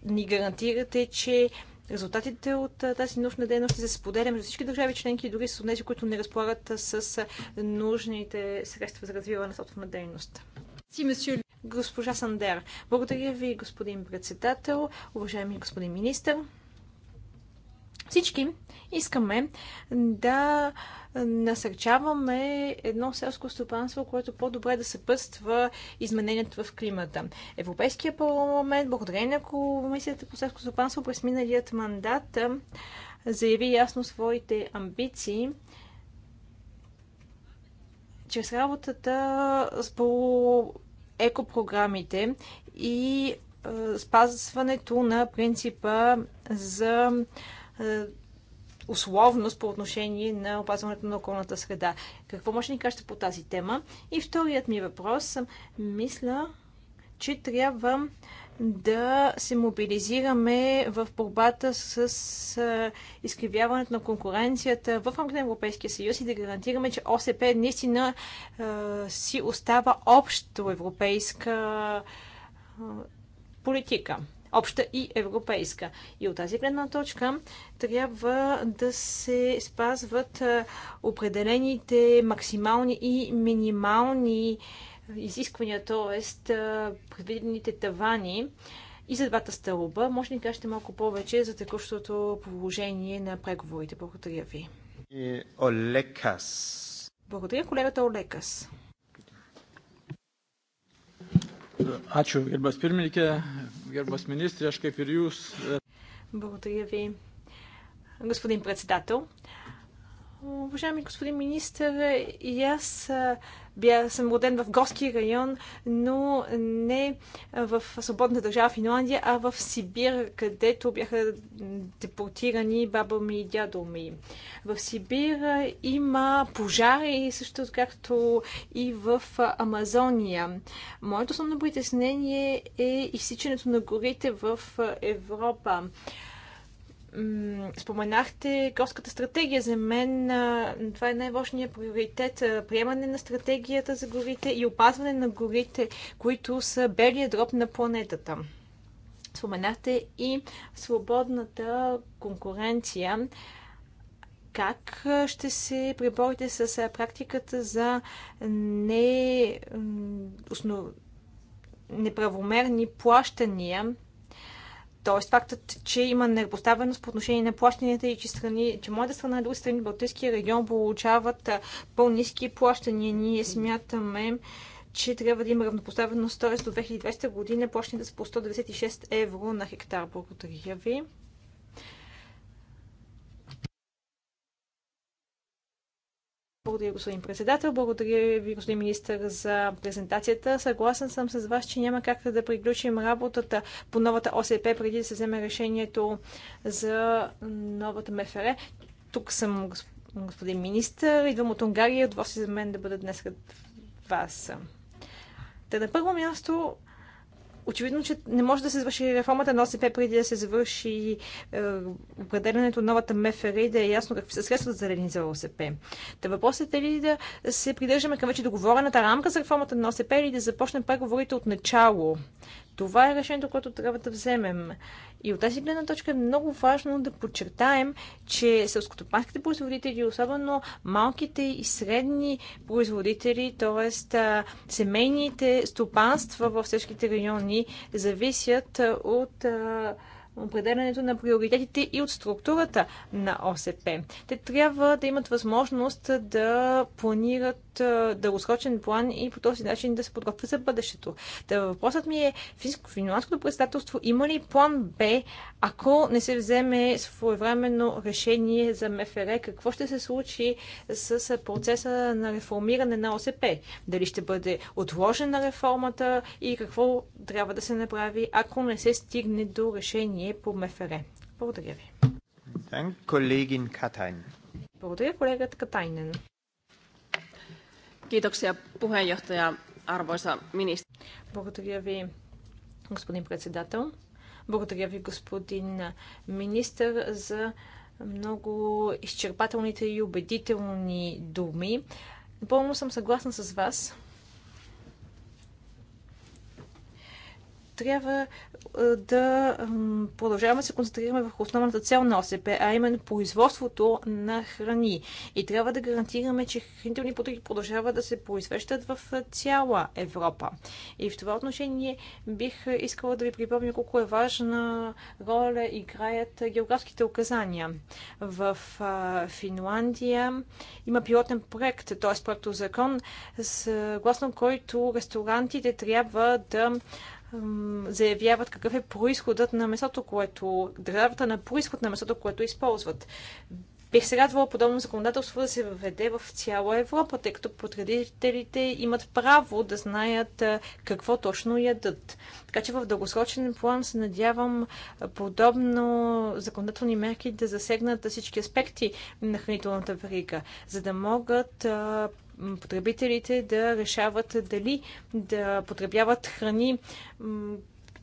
ни гарантирате, че Резултатите от тази научна дейност ще се споделя между всички държави членки и други с тези, които не разполагат с нужните средства за развиване на собствена дейност. Госпожа Сандер, благодаря ви, господин председател, уважаеми господин министр. Всички искаме да насърчаваме едно селско стопанство, което по-добре да съпътства изменението в климата. Европейския парламент, благодарение на Комисията по селско стопанство през миналият мандат, заяви ясно своите амбиции чрез работата по екопрограмите и спазването на принципа за е, условност по отношение на опазването на околната среда. Какво може да ни кажете по тази тема? И вторият ми въпрос. Мисля, че трябва да се мобилизираме в борбата с е, изкривяването на конкуренцията в рамките на Европейския съюз и да гарантираме, че ОСП наистина е, си остава общо европейска политика обща и европейска. И от тази гледна точка трябва да се спазват определените максимални и минимални изисквания, т.е. предвидените тавани и за двата стълба. Може ли кажете малко повече за текущото положение на преговорите? Благодаря ви. Олекас. Благодаря колегата Олекас. Ačiū, gerbas pirmininkė, gerbas министри, аз kaip и e, Благодаря ви, господин председател. Уважаеми господин министър, и аз бя, съм роден в горски район, но не в свободна държава Финландия, а в Сибир, където бяха депортирани баба ми и дядо ми. В Сибир има пожари, също както и в Амазония. Моето основно притеснение е изсичането на горите в Европа споменахте горската стратегия. За мен това е най-важният приоритет. Приемане на стратегията за горите и опазване на горите, които са белия дроб на планетата. Споменахте и свободната конкуренция. Как ще се преборите с практиката за не... основ... неправомерни плащания Тоест фактът, че има неравнопоставеност по отношение на плащанията и че, страни, че моята страна и други страни Балтийския регион получават по-низки плащания. Ние смятаме, че трябва да има равнопоставеност, т.е. до 2020 година плащанията са по 196 евро на хектар. Благодаря ви. Благодаря, господин председател. Благодаря ви, господин министър, за презентацията. Съгласен съм с вас, че няма как да приключим работата по новата ОСП преди да се вземе решението за новата МФР. Тук съм господин министър, идвам от Унгария. Удоволствие за мен да бъда днес вас. Та на първо място Очевидно, че не може да се завърши реформата на ОСП преди да се завърши е, определенето на новата МФР и да е ясно какви са средствата заредени за ОСП. Та въпросът е ли да се придържаме към вече договорената рамка за реформата на ОСП или да започнем преговорите от начало? Това е решението, което трябва да вземем. И от тази гледна точка е много важно да подчертаем, че селскотопанските производители, особено малките и средни производители, т.е. семейните стопанства във всичките райони, зависят от определенето на приоритетите и от структурата на ОСП. Те трябва да имат възможност да планират дългосрочен план и по този начин да се подготвят за бъдещето. Та въпросът ми е, финландското председателство има ли план Б, ако не се вземе своевременно решение за МФР? Какво ще се случи с процеса на реформиране на ОСП? Дали ще бъде отложена реформата и какво трябва да се направи, ако не се стигне до решение споразумение по МФР. Благодаря ви. Колегин Катайн. Благодаря, колегата Катайнен. Kiitoksia puheenjohtaja, arvoisa ministeri. Благодаря ви, господин председател. Благодаря ви, господин министър, за много изчерпателните и убедителни думи. Напълно съм съгласна с вас. трябва е, да продължаваме да се концентрираме върху основната цел на ОСП, а именно производството на храни. И трябва да гарантираме, че хранителни продукти продължават да се произвеждат в е, цяла Европа. И в това отношение бих е, искала да ви припомня колко е важна роля играят географските указания. В Финландия има пилотен проект, т.е. проект закон, съгласно който ресторантите трябва да заявяват какъв е происходът на месото, което, държавата на происход на месото, което използват. Бих се радвала подобно законодателство да се въведе в цяла Европа, тъй като потребителите имат право да знаят какво точно ядат. Така че в дългосрочен план се надявам подобно законодателни мерки да засегнат всички аспекти на хранителната верига, за да могат потребителите да решават дали да потребяват храни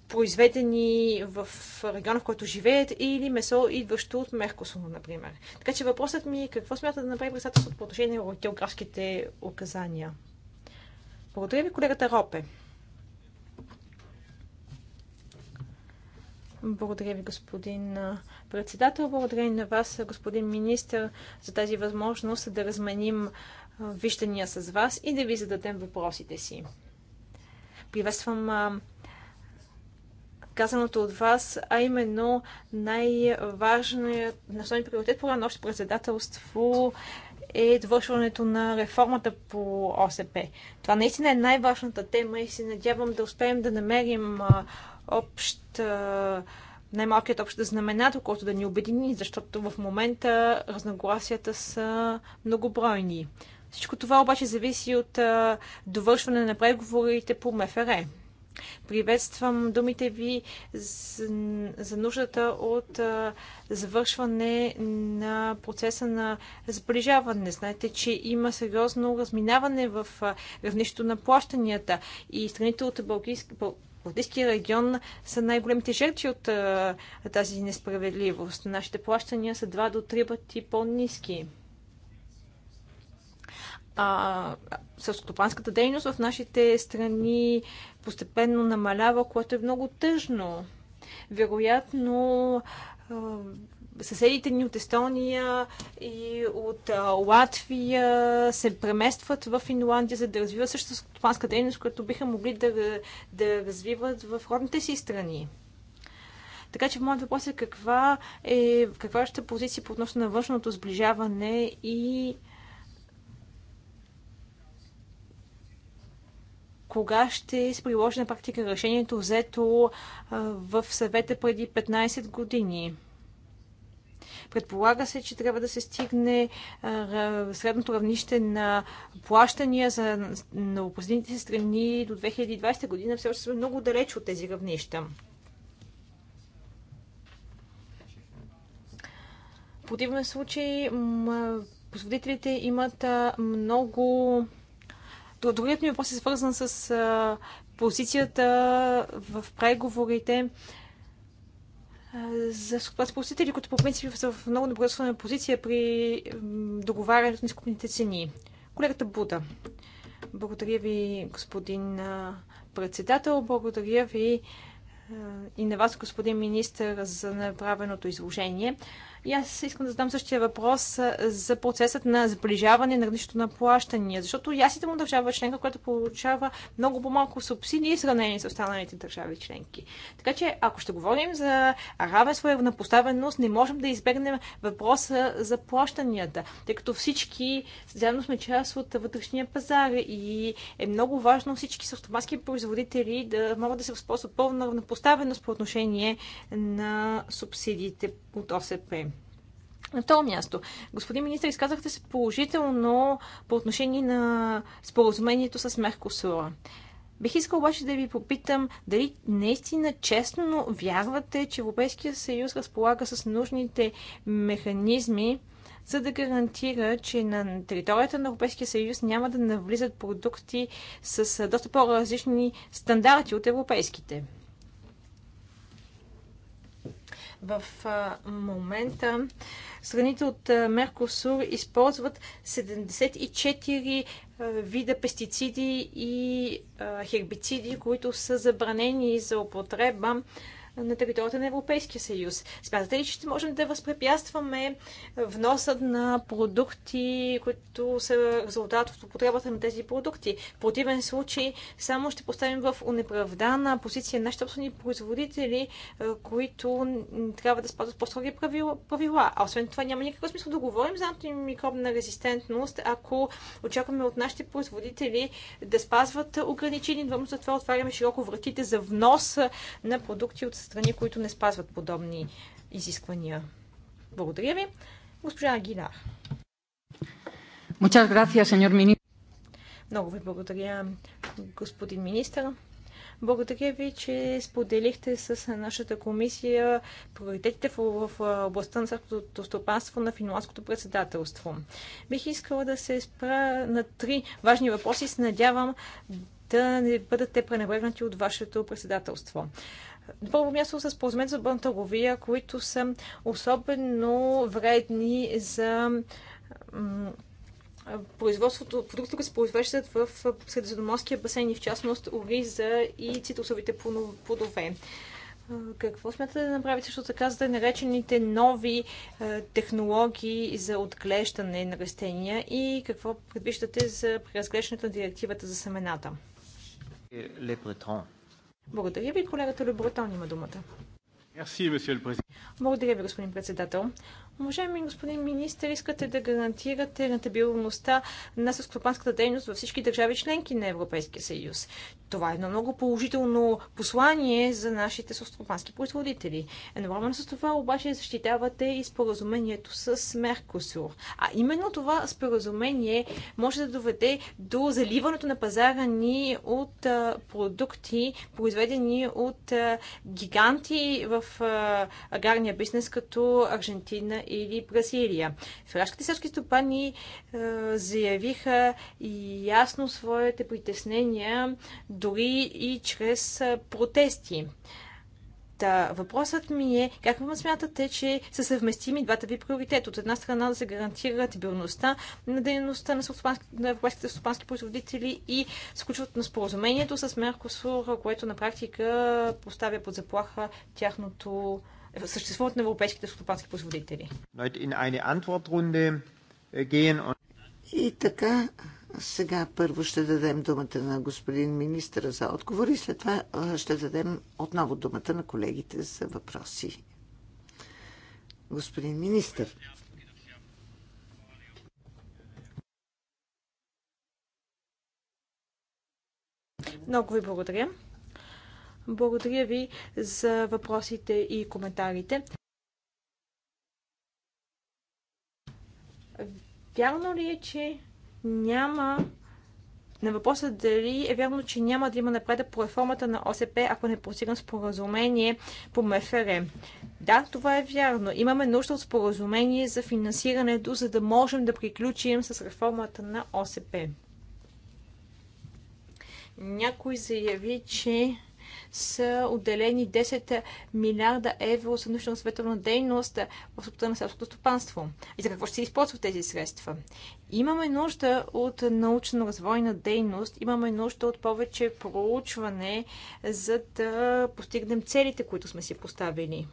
произведени в региона, в който живеят, или месо, идващо от Меркосур, например. Така че въпросът ми е какво смята да направи председателството по отношение на географските указания. Благодаря ви, колегата Ропе. Благодаря ви, господин председател. Благодаря и на вас, господин министр, за тази възможност да разменим виждания с вас и да ви зададем въпросите си. Приветствам казаното от вас, а именно най-важният национален приоритет по нашето председателство е довършването на реформата по ОСП. Това наистина е най-важната тема и се надявам да успеем да намерим общ най-малкият общ знаменател, който да ни обедини, защото в момента разногласията са многобройни. Всичко това обаче зависи от довършване на преговорите по МФР. Приветствам думите ви за, нуждата от завършване на процеса на сближаване. Знаете, че има сериозно разминаване в равнището на плащанията и страните от Балтийски, Балтийския регион са най-големите жертви от тази несправедливост. Нашите плащания са два до три пъти по-низки селскотопанската дейност в нашите страни постепенно намалява, което е много тъжно. Вероятно, а, съседите ни от Естония и от а, Латвия се преместват в Финландия, за да развиват същата стопанска дейност, която биха могли да, да развиват в родните си страни. Така че моят въпрос е каква, е каква ще позиция по относно на външното сближаване и кога ще се приложи на практика решението взето в съвета преди 15 години. Предполага се, че трябва да се стигне средното равнище на плащания за новопознатите страни до 2020 година. Все още сме много далеч от тези равнища. В противен случай производителите имат много Другият ми въпрос е свързан с позицията в преговорите за скупаци които по принцип са в много добросвена позиция при договарянето на изкупните цени. Колегата Буда. Благодаря ви, господин председател. Благодаря ви и на вас, господин министър, за направеното изложение. И аз искам да задам същия въпрос за процесът на сближаване на различното на плащания, защото ясите му държава членка, която получава много по-малко субсидии в сравнение с останалите държави членки. Така че, ако ще говорим за равенство и равнопоставеност, не можем да избегнем въпроса за плащанията, тъй като всички заедно сме част от вътрешния пазар и е много важно всички автоматски производители да могат да се възползват пълна равнопоставеност по отношение на субсидиите от ОСП. На второ място, господин министр, изказахте се положително по отношение на споразумението с Меркосура. Бих искал обаче да ви попитам дали наистина честно вярвате, че Европейския съюз разполага с нужните механизми, за да гарантира, че на територията на Европейския съюз няма да навлизат продукти с доста по-различни стандарти от европейските. В момента страните от Меркосур използват 74 вида пестициди и хербициди, които са забранени за употреба на територията на Европейския съюз. Смятате ли, че ще можем да възпрепятстваме вносът на продукти, които са резултат от употребата на тези продукти? В противен случай само ще поставим в унеправдана позиция нашите собствени производители, които трябва да спазват по-строги правила. А освен това няма никакъв смисъл да говорим за антимикробна резистентност, ако очакваме от нашите производители да спазват ограничени. Двамно за това отваряме широко вратите за внос на продукти от страни, които не спазват подобни изисквания. Благодаря ви. Госпожа Агинар. Muchas gracias, señor Много ви благодаря, господин министър. Благодаря ви, че споделихте с нашата комисия приоритетите в, областта на сърското стопанство на финландското председателство. Бих искала да се спра на три важни въпроси и се надявам да не бъдете пренебрегнати от вашето председателство първо място с споразумения за бъдна търговия, които са особено вредни за производството, продуктите, които се произвеждат в Средиземноморския басейн и в частност ориза и цитрусовите плодове. Какво смятате да направите също така за да е наречените нови технологии за отглеждане на растения и какво предвиждате за преразглеждането на директивата за семената? Ле Бретон. Благодаря ви. Колегата Любротон има думата. Благодаря ви, господин председател. Уважаеми господин министр, искате да гарантирате рентабилността на съскопанската дейност във всички държави членки на Европейския съюз. Това е едно много положително послание за нашите съскопански производители. Едновременно с това обаче защитавате и споразумението с Меркосур. А именно това споразумение може да доведе до заливането на пазара ни от а, продукти, произведени от а, гиганти в а, бизнес, като Аржентина или Бразилия. Фрашките селски стопани е, заявиха ясно своите притеснения, дори и чрез е, протести. Та, въпросът ми е, как му смятате, че са съвместими двата ви приоритета? От една страна да се гарантира стабилността на дейността на, на европейските стопански производители и сключват на споразумението с Меркосур, което на практика поставя под заплаха тяхното съществуват на европейските стопански производители. Е, и така, сега първо ще дадем думата на господин министра за отговор и след това ще дадем отново думата на колегите за въпроси. Господин министр. Много ви благодаря. Благодаря ви за въпросите и коментарите. Вярно ли е, че няма на въпроса дали е вярно, че няма да има напредък по реформата на ОСП, ако не постигам споразумение по МФР. Да, това е вярно. Имаме нужда от споразумение за финансирането, за да можем да приключим с реформата на ОСП. Някой заяви, че са отделени 10 милиарда евро за нужна световна дейност в субта на селското стопанство. И за какво ще се използват тези средства? Имаме нужда от научно-развойна дейност, имаме нужда от повече проучване, за да постигнем целите, които сме си поставили.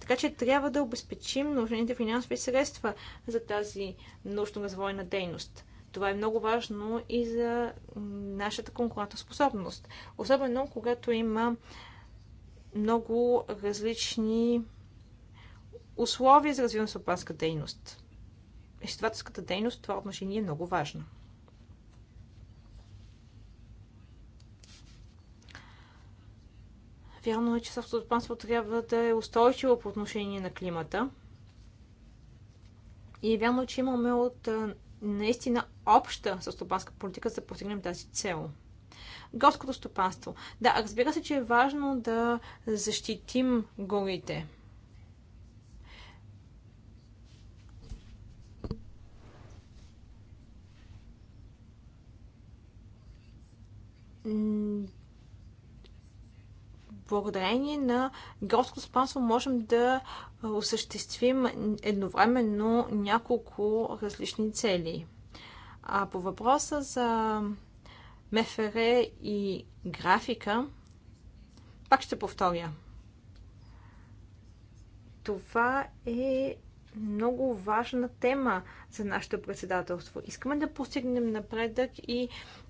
Така че трябва да обезпечим нужните финансови средства за тази научно-развойна дейност. Това е много важно и за нашата конкурентоспособност. Особено когато има много различни условия за развиване стопанска дейност. Изследователската дейност в това отношение е много важна. Вярно е, че селското трябва да е устойчиво по отношение на климата. И е вярно, че имаме от наистина обща стопанска политика, за да постигнем тази цел. Горското стопанство. Да, разбира се, че е важно да защитим горите. благодарение на горското стопанство можем да осъществим едновременно няколко различни цели. А по въпроса за МФР и графика, пак ще повторя. Това е много важна тема за нашето председателство. Искаме да постигнем напредък и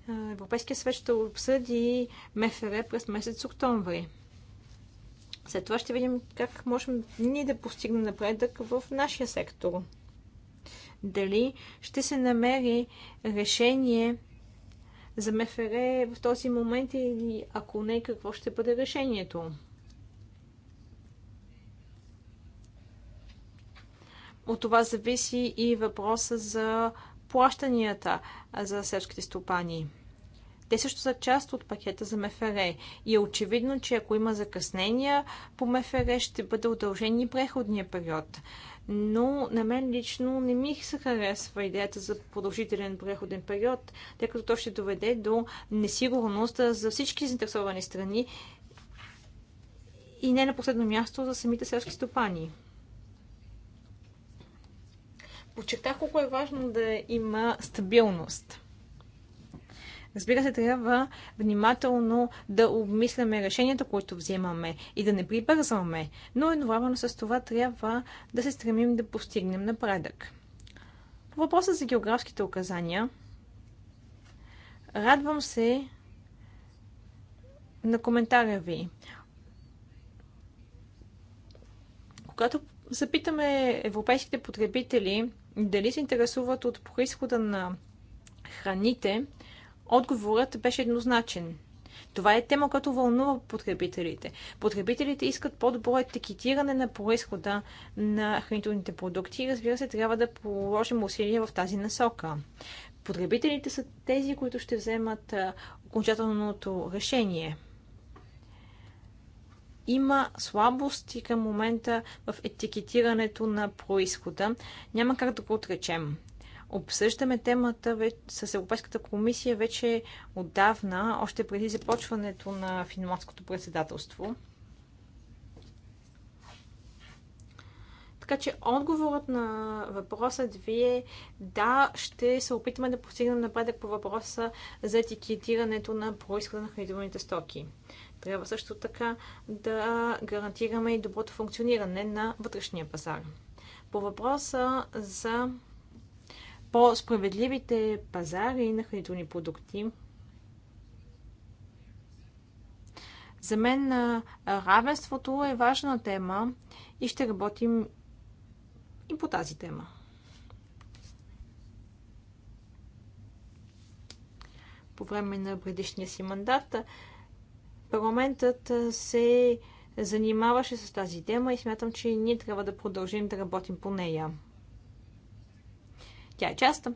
Европейския съвет ще обсъди МФР през месец октомври. След това ще видим как можем ние да постигнем напредък в нашия сектор. Дали ще се намери решение за МФР в този момент или ако не, какво ще бъде решението? От това зависи и въпроса за плащанията за селските стопани. Те също са част от пакета за МФР. И е очевидно, че ако има закъснения по МФР, ще бъде удължен и преходния период. Но на мен лично не ми се харесва идеята за продължителен преходен период, тъй като то ще доведе до несигурност за всички заинтересовани страни и не на последно място за самите селски стопани. Подчертах колко е важно да има стабилност. Разбира се, трябва внимателно да обмисляме решението, което взимаме и да не прибързваме, но едновременно с това трябва да се стремим да постигнем напредък. По въпроса за географските указания, радвам се на коментаря ви. Когато запитаме европейските потребители дали се интересуват от происхода на храните, Отговорът беше еднозначен. Това е тема, която вълнува потребителите. Потребителите искат по-добро етикетиране на происхода на хранителните продукти и разбира се, трябва да положим усилия в тази насока. Потребителите са тези, които ще вземат окончателното решение. Има слабости към момента в етикетирането на происхода. Няма как да го отречем. Обсъждаме темата с Европейската комисия вече отдавна, още преди започването на финландското председателство. Така че отговорът на въпросът ви е да, ще се опитаме да постигнем напредък по въпроса за етикетирането на происхода на хранителните стоки. Трябва също така да гарантираме и доброто функциониране на вътрешния пазар. По въпроса за по-справедливите пазари на хранителни продукти. За мен равенството е важна тема и ще работим и по тази тема. По време на предишния си мандат парламентът се занимаваше с тази тема и смятам, че ние трябва да продължим да работим по нея. Тя е част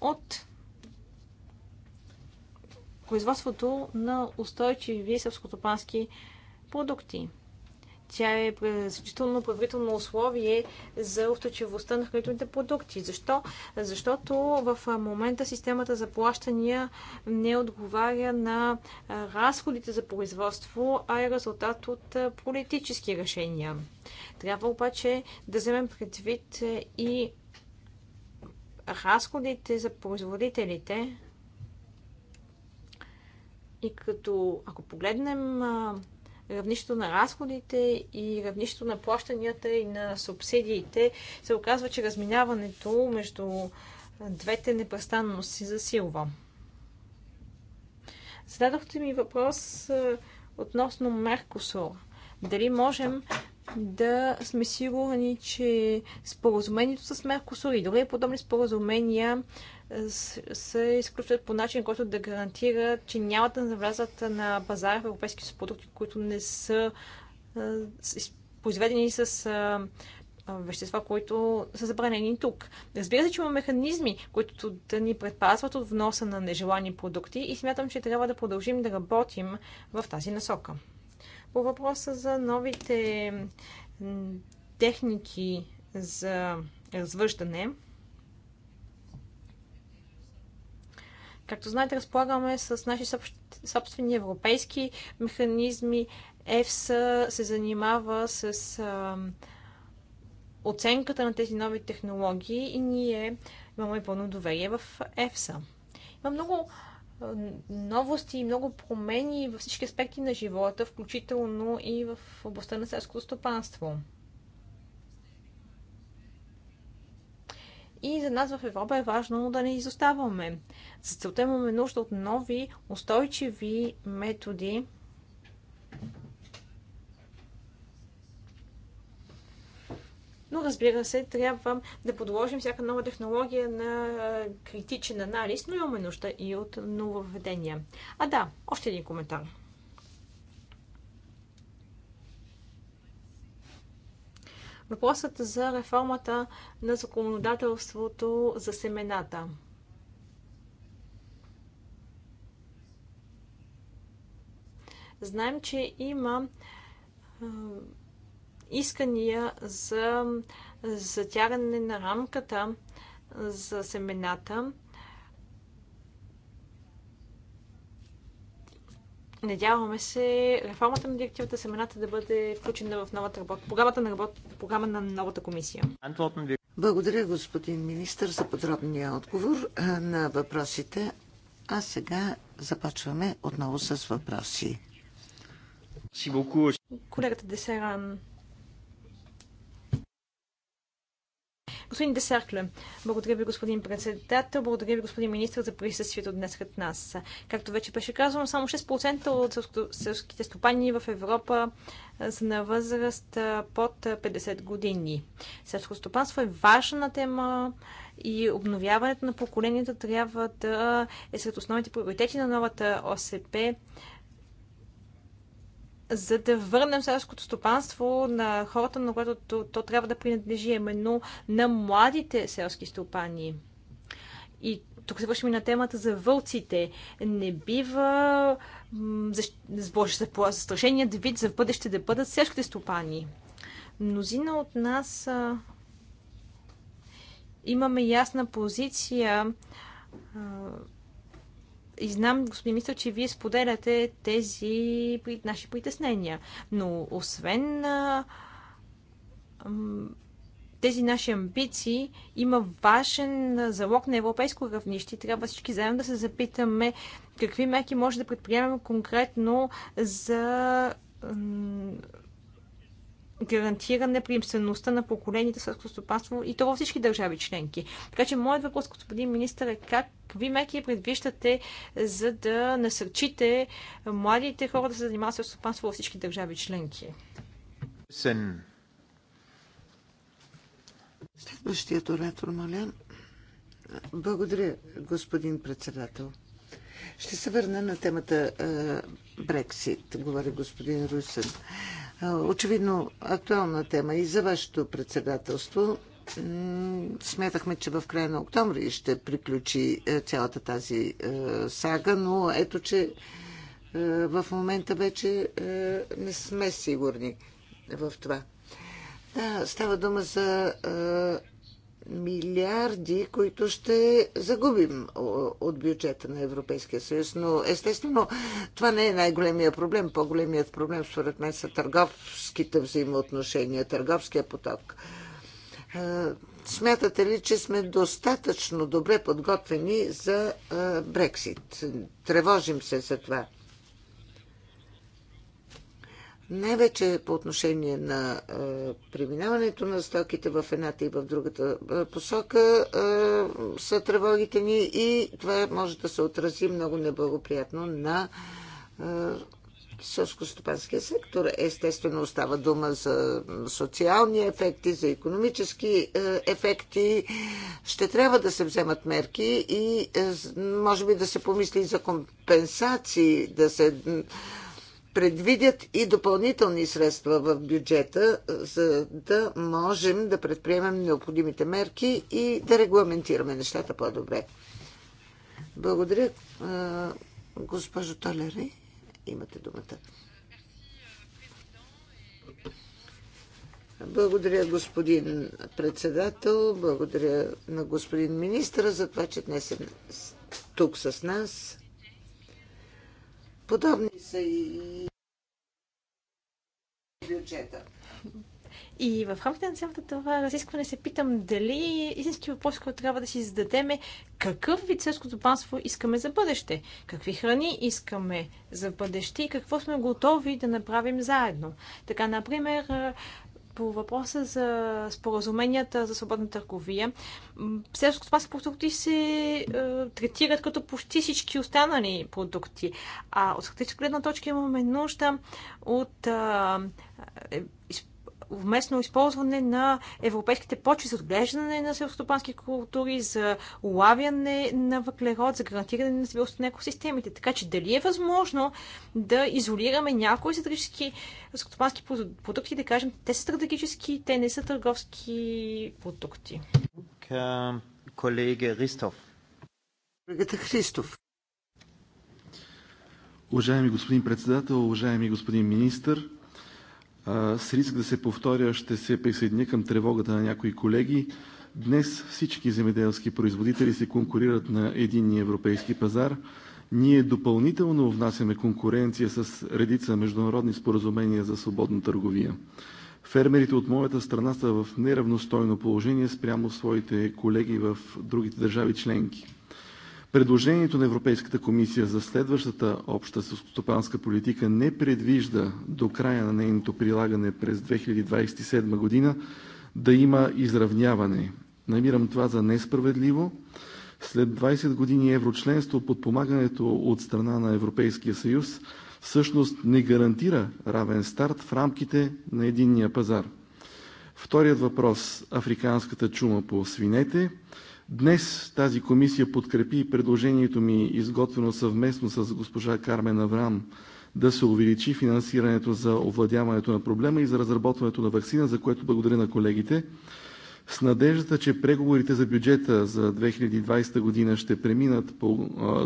от производството на устойчиви съвскотопански продукти. Тя е значително правително условие за устойчивостта на хранителните продукти. Защо? Защото в момента системата за плащания не отговаря на разходите за производство, а е резултат от политически решения. Трябва обаче да вземем предвид и разходите за производителите и като, ако погледнем равнището на разходите и равнището на плащанията и на субсидиите, се оказва, че разминаването между двете непрестанно си засилва. Зададохте ми въпрос относно Меркосур. Дали можем да сме сигурни, че споразумението с Меркосур и дори подобни споразумения се изключват по начин, който да гарантира, че няма да навлязат на пазара в европейски продукти, които не са произведени с вещества, които са забранени тук. Разбира се, че има механизми, които да ни предпазват от вноса на нежелани продукти и смятам, че трябва да продължим да работим в тази насока. По въпроса за новите техники за развъждане, Както знаете, разполагаме с наши собствени европейски механизми. ЕФСА се занимава с а, оценката на тези нови технологии и ние имаме пълно доверие в ЕФСА. Има много новости и много промени във всички аспекти на живота, включително и в областта на селското стопанство. И за нас в Европа е важно да не изоставаме. За целта имаме нужда от нови, устойчиви методи но разбира се, трябва да подложим всяка нова технология на критичен анализ, но имаме нужда и от нововведения. А да, още един коментар. Въпросът за реформата на законодателството за семената. Знаем, че има искания за затягане на рамката за семената. Надяваме се реформата на директивата семената да бъде включена в новата работа, програмата на, работ, програма на новата комисия. Благодаря, господин министр, за подробния отговор на въпросите. А сега започваме отново с въпроси. Колегата Десеран Господин Десеркле, благодаря ви, господин председател, благодаря ви, господин министр, за присъствието днес сред нас. Както вече беше казано, само 6% от селските стопани в Европа са на възраст под 50 години. Селското стопанство е важна тема и обновяването на поколенията трябва да е сред основните приоритети на новата ОСП за да върнем селското стопанство на хората, на което то, то трябва да принадлежи, именно на младите селски стопани. И тук се вършим на темата за вълците. Не бива за застрашеният вид за бъдеще да бъдат селските стопани. Мнозина от нас а, имаме ясна позиция а, и знам, господин Мисъл, че вие споделяте тези наши притеснения. Но освен а, тези наши амбиции има важен залог на европейско равнище. Трябва всички заедно да се запитаме какви мерки може да предприемем конкретно за гарантиране приемствеността на поколените селско стопанство и то във всички държави членки. Така че моят въпрос, господин министър, е как какви мерки предвиждате, за да насърчите младите хора да се занимават с стопанство във всички държави членки? Сен. Следващият оратор, моля. Благодаря, господин председател. Ще се върна на темата Брексит, говори господин Русен очевидно актуална тема и за вашето председателство. Смятахме, че в края на октомври ще приключи е, цялата тази е, сага, но ето, че е, в момента вече не сме сигурни в това. Да, става дума за милиарди, които ще загубим от бюджета на Европейския съюз. Но естествено, това не е най-големия проблем. По-големият проблем, според мен, са търговските взаимоотношения, търговския поток. Смятате ли, че сме достатъчно добре подготвени за Брексит? Тревожим се за това най-вече по отношение на а, преминаването на стоките в едната и в другата посока а, са тревогите ни и това може да се отрази много неблагоприятно на е, стопанския сектор. Естествено остава дума за социални ефекти, за економически ефекти. Ще трябва да се вземат мерки и може би да се помисли за компенсации, да се предвидят и допълнителни средства в бюджета, е, за да можем да предприемем необходимите мерки и да регламентираме нещата по-добре. Благодаря, е, госпожо Толери. Имате думата. Благодаря, господин председател. Благодаря на господин министра за това, че днес е тук с нас. Подобни са и бюджета. И в рамките на цялата това разискване се питам дали истински въпрос, който трябва да си зададем е какъв вид селско стопанство искаме за бъдеще, какви храни искаме за бъдеще и какво сме готови да направим заедно. Така, например, по въпроса за споразуменията за свободна търговия, селскостопански продукти се е, третират като почти всички останали продукти. А от стратегическа гледна точка имаме нужда от е, е уместно използване на европейските почви за отглеждане на селскостопански култури, за улавяне на въглерод, за гарантиране на стабилност на екосистемите. Така че дали е възможно да изолираме някои стратегически селскостопански продукти, да кажем, те са стратегически, те не са търговски продукти. Колега Ристов. Колегата Христов. Уважаеми господин председател, уважаеми господин министр, с риск да се повторя, ще се присъединя към тревогата на някои колеги. Днес всички земеделски производители се конкурират на един европейски пазар. Ние допълнително внасяме конкуренция с редица международни споразумения за свободна търговия. Фермерите от моята страна са в неравностойно положение спрямо своите колеги в другите държави членки. Предложението на Европейската комисия за следващата обща селскостопанска политика не предвижда до края на нейното прилагане през 2027 г. да има изравняване. Намирам това за несправедливо. След 20 години еврочленство подпомагането от страна на Европейския съюз всъщност не гарантира равен старт в рамките на единния пазар. Вторият въпрос – африканската чума по свинете. Днес тази комисия подкрепи предложението ми, изготвено съвместно с госпожа Кармен Аврам, да се увеличи финансирането за овладяването на проблема и за разработването на вакцина, за което благодаря на колегите, с надеждата, че преговорите за бюджета за 2020 година ще преминат по,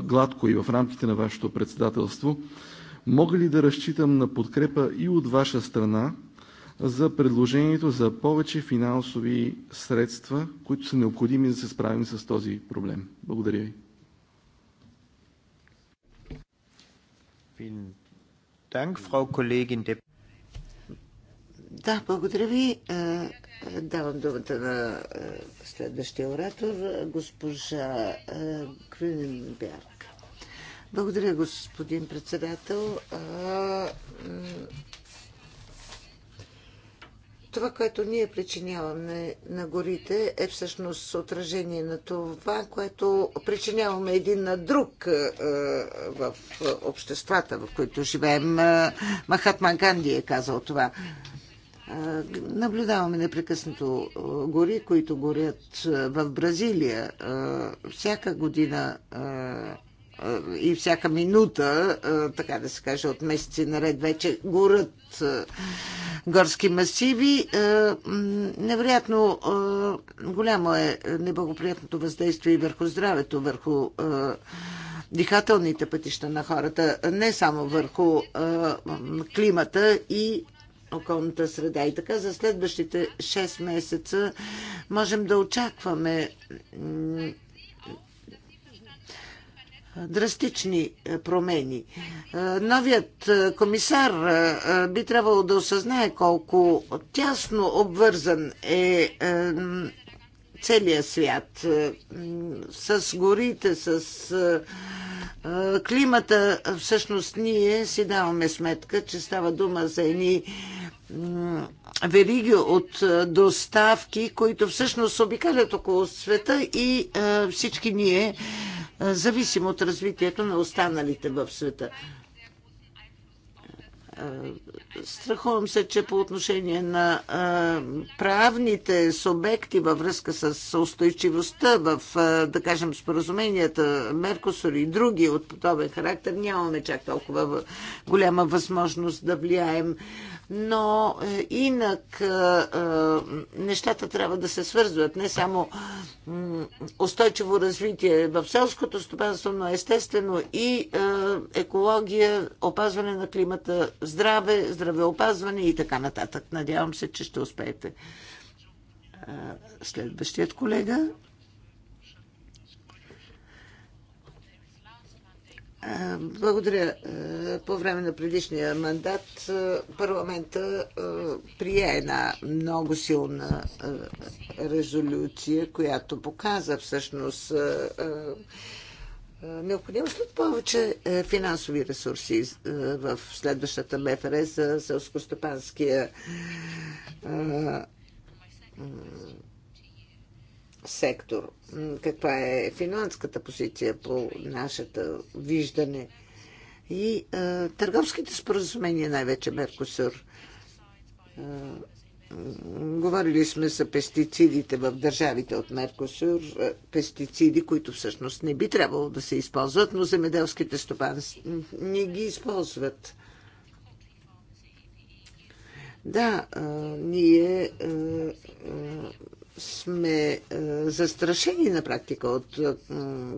гладко и в рамките на вашето председателство. Мога ли да разчитам на подкрепа и от ваша страна за предложението за повече финансови средства, които са необходими да се справим с този проблем. Благодаря ви. Да, благодаря ви. Е, е, давам думата на е, следващия оратор, госпожа Крюненберг. Благодаря, господин председател това, което ние причиняваме на горите, е всъщност отражение на това, което причиняваме един на друг е, в обществата, в които живеем. Е, Махатман Ганди е казал това. Е, наблюдаваме непрекъснато гори, които горят в Бразилия. Всяка година и всяка минута, така да се каже, от месеци наред вече горят горски масиви. Невероятно голямо е неблагоприятното въздействие и върху здравето, върху дихателните пътища на хората, не само върху климата и околната среда. И така за следващите 6 месеца можем да очакваме драстични е, промени. Е, новият е, комисар би трябвало да осъзнае колко тясно обвързан е целият свят с горите, с климата. Всъщност ние си даваме сметка, че става дума за едни вериги от доставки, които всъщност обикалят около света и всички ние зависим от развитието на останалите в света. Страхувам се, че по отношение на правните субекти във връзка с устойчивостта в, да кажем, споразуменията Меркосур и други от подобен характер, нямаме чак толкова голяма възможност да влияем но е, инак е, е, нещата трябва да се свързват. Не само устойчиво развитие в селското стопанство, но естествено и екология, опазване на климата, здраве, здравеопазване и така нататък. Надявам се, че ще успеете. Следващият колега. Е, благодаря. Е, по време на предишния мандат е, парламента прие една много силна резолюция, която показа всъщност необходимост от повече финансови ресурси в следващата МФР за селско-стопанския сектор. Каква е финландската позиция по нашата виждане? И а, търговските споразумения, най-вече Меркосур. говорили сме за пестицидите в държавите от Меркосур, пестициди, които всъщност не би трябвало да се използват, но земеделските стопанства не ги използват. Да, а, ние а, а, сме е, застрашени на практика от е,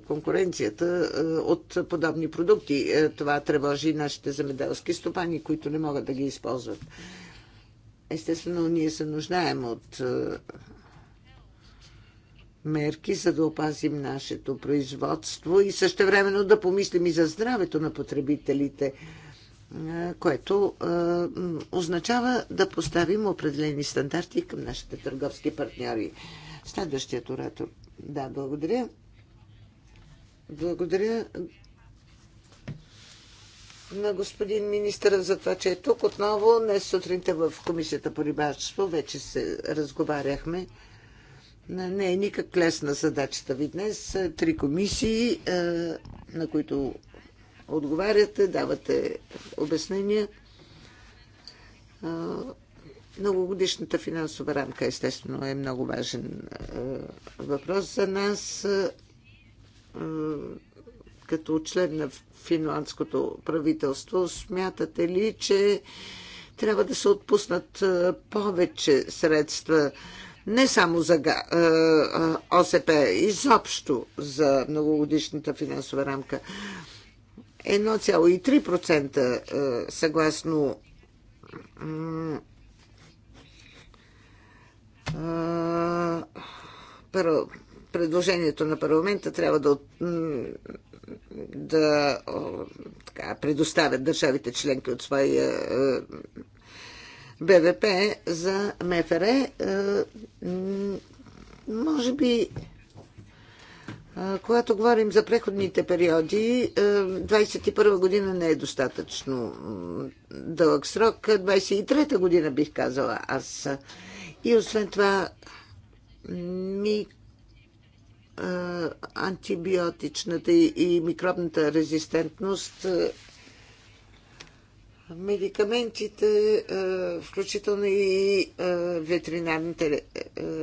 конкуренцията е, от подобни продукти. Това тревожи нашите земеделски стопани, които не могат да ги използват. Естествено, ние се нуждаем от мерки, за да опазим нашето производство и същевременно да помислим и за здравето на потребителите което означава да поставим определени стандарти към нашите търговски партньори. Следващият оратор. Да, благодаря. Благодаря на господин министър за това, че е тук. Отново днес сутринта в Комисията по рибачество, вече се разговаряхме. Не е никак лесна задачата ви днес. Три комисии, на които отговаряте, давате обяснения. Многогодишната финансова рамка, естествено, е много важен въпрос за нас. Като член на финландското правителство, смятате ли, че трябва да се отпуснат повече средства не само за ОСП, изобщо за многогодишната финансова рамка. 1,3% е, съгласно е, предложението на парламента трябва да, да така, предоставят държавите членки от своя е, БВП за МФР. Може би когато говорим за преходните периоди, 21 година не е достатъчно дълъг срок. 23 година бих казала аз. И освен това, ми антибиотичната и микробната резистентност медикаментите, включително и ветеринарните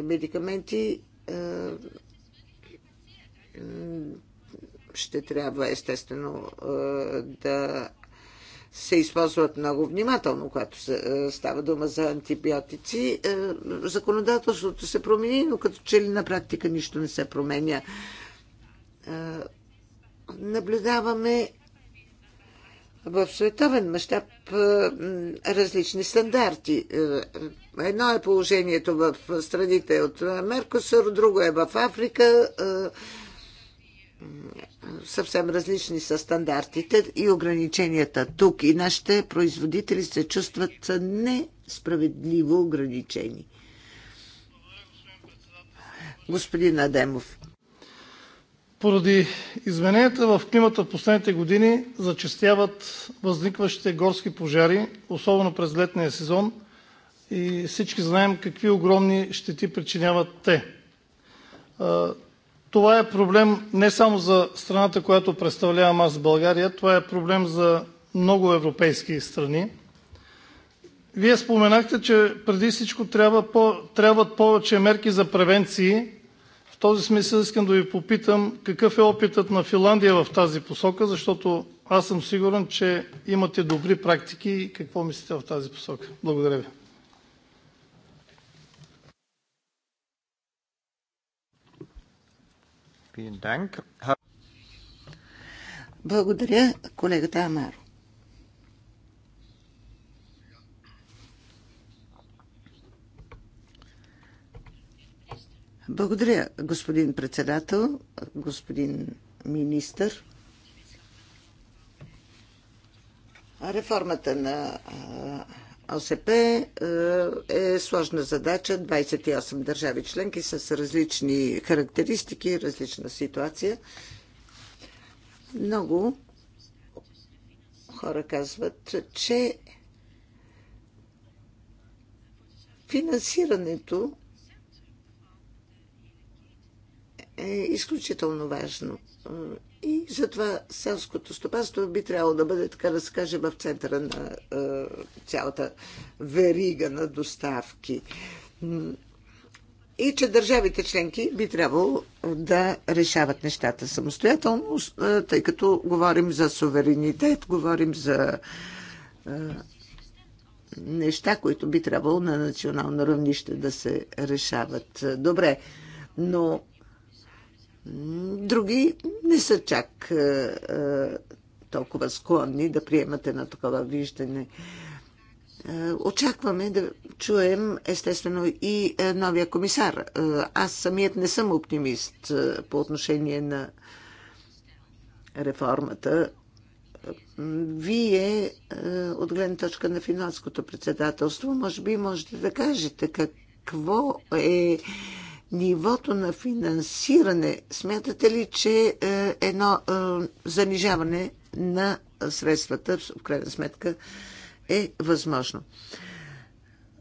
медикаменти, ще трябва естествено е, да се използват много внимателно, когато е, става дума за антибиотици. Е, законодателството се промени, но като че ли на практика нищо не се променя. Наблюдаваме в световен мащаб различни стандарти. Едно е положението в страните от Меркосър, друго е в Африка съвсем различни са стандартите и ограниченията тук. И нашите производители се чувстват несправедливо ограничени. Господин Адемов. Поради измененията в климата в последните години зачастяват възникващите горски пожари, особено през летния сезон. И всички знаем какви огромни щети причиняват те. Това е проблем не само за страната, която представлявам аз – България, това е проблем за много европейски страни. Вие споменахте, че преди всичко трябват повече мерки за превенции. В този смисъл искам да Ви попитам какъв е опитът на Финландия в тази посока, защото аз съм сигурен, че имате добри практики. Какво мислите в тази посока? Благодаря Ви. Благодаря, колегата Амаро. Благодаря, господин председател, господин министър. Реформата на ОСП е, е сложна задача. 28 държави членки с различни характеристики, различна ситуация. Много хора казват, че финансирането е изключително важно и затова селското стопанство би трябвало да бъде, така да се каже, в центъра на е, цялата верига на доставки. И че държавите членки би трябвало да решават нещата самостоятелно, е, тъй като говорим за суверенитет, говорим за е, неща, които би трябвало на национално равнище да се решават. Добре, но Други не са чак е, е, толкова склонни да приемате на такова виждане. Е, очакваме да чуем, естествено, и новия комисар. Аз самият не съм оптимист по отношение на реформата. Вие, от гледна точка на финанското председателство, може би можете да кажете какво е нивото на финансиране. Смятате ли, че е, едно е, занижаване на средствата в крайна сметка е възможно?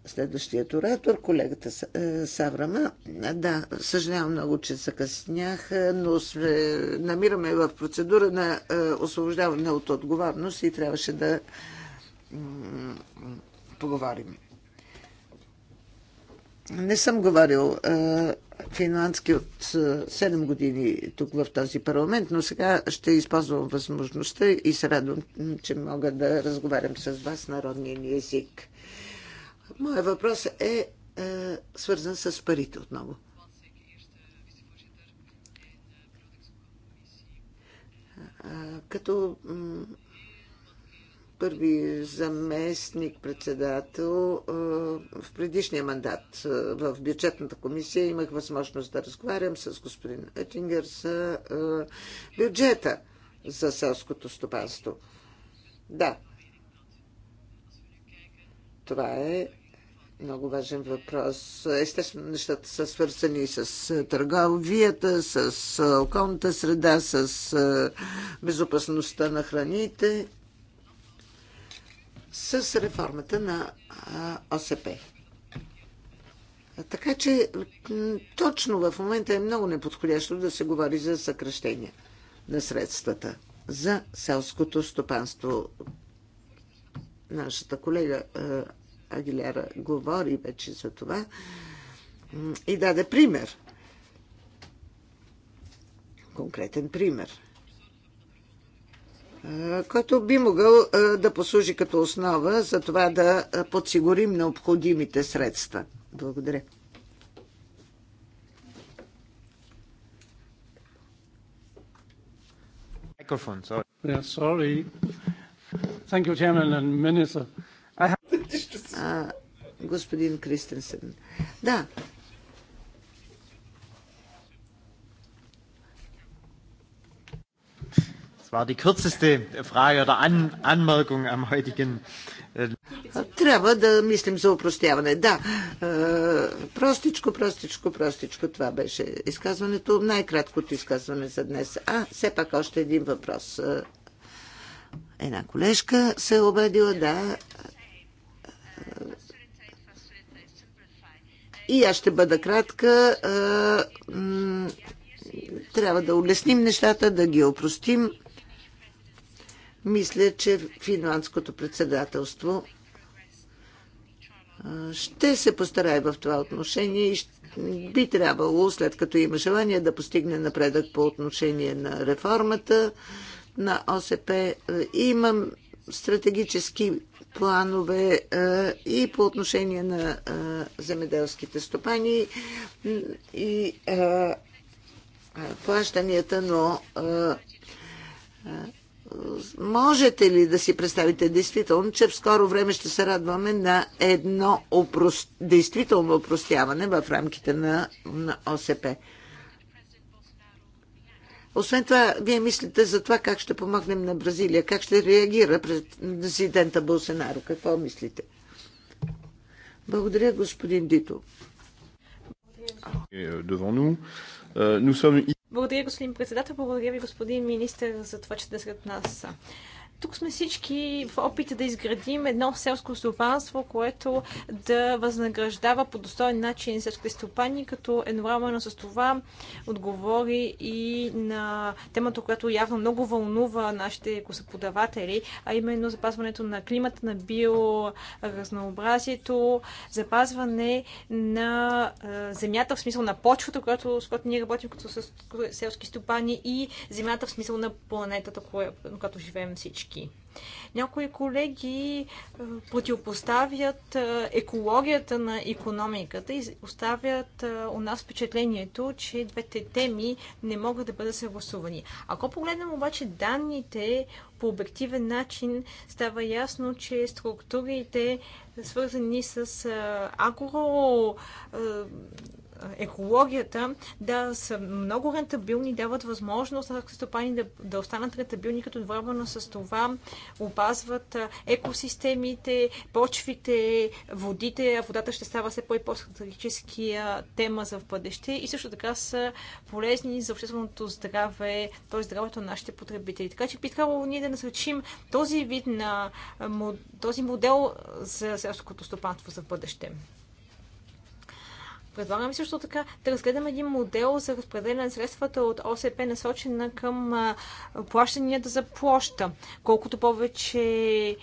Следващият оратор, колегата е, Саврама. Да, съжалявам много, че закъснях, но сме, намираме в процедура на освобождаване от отговорност и трябваше да поговорим. Не съм говорил финландски от 7 години тук в този парламент, но сега ще използвам възможността и се радвам, че мога да разговарям с вас народния ни език. Моя въпрос е, е свързан с парите отново. Като първи заместник-председател в предишния мандат в бюджетната комисия имах възможност да разговарям с господин Етингер за бюджета за селското стопанство. Да, това е много важен въпрос. Естествено, нещата са свързани с търговията, с околната среда, с безопасността на храните с реформата на ОСП. Така че точно в момента е много неподходящо да се говори за съкръщение на средствата за селското стопанство. Нашата колега Агиляра говори вече за това и даде пример. Конкретен пример. Е, който би могъл е, да послужи като основа за това да подсигурим необходимите средства. Благодаря. Господин Кристенсен. Да, war die kürzeste Frage oder An Anmerkung am heutigen трябва да мислим за упростяване. Да, е, простичко, простичко, простичко това беше изказването. Най-краткото изказване за днес. А, все пак още един въпрос. Е, една колежка се е обадила, да. Е, и аз ще бъда кратка. Трябва да улесним нещата, да ги опростим мисля, че финландското председателство ще се постарае в това отношение и би трябвало, след като има желание, да постигне напредък по отношение на реформата на ОСП. Имам стратегически планове и по отношение на земеделските стопани и плащанията, но можете ли да си представите действително, че в скоро време ще се радваме на едно опрос... действително опростяване в рамките на, на ОСП? Освен това, вие мислите за това как ще помогнем на Бразилия, как ще реагира президента Болсенаро. Какво мислите? Благодаря, господин Дито. Благодаря. Е, е, благодаря, господин председател. Благодаря ви, господин министр, за това, че сте сред нас. Тук сме всички в опита да изградим едно селско стопанство, което да възнаграждава по достоен начин селските стопани, като едновременно с това отговори и на темата, която явно много вълнува нашите косоподаватели, а именно запазването на климата, на биоразнообразието, запазване на земята в смисъл на почвата, която, с която ние работим като селски стопани и земята в смисъл на планетата, на която живеем всички всички. Някои колеги е, противопоставят е, екологията на економиката и оставят е, у нас впечатлението, че двете теми не могат да бъдат съгласувани. Ако погледнем обаче данните по обективен начин, става ясно, че структурите, свързани с агро екологията да са много рентабилни, дават възможност на стопани да, да останат рентабилни, като едновременно с това опазват екосистемите, почвите, водите, а водата ще става все по- и тема за в бъдеще и също така са полезни за общественото здраве, т.е. здравето на нашите потребители. Така че би трябвало ние да насръчим този вид на този модел за селското стопанство за бъдеще. Предлагам също така да разгледаме един модел за разпределяне на средствата от ОСП, насочена към плащанията за площа. Колкото повече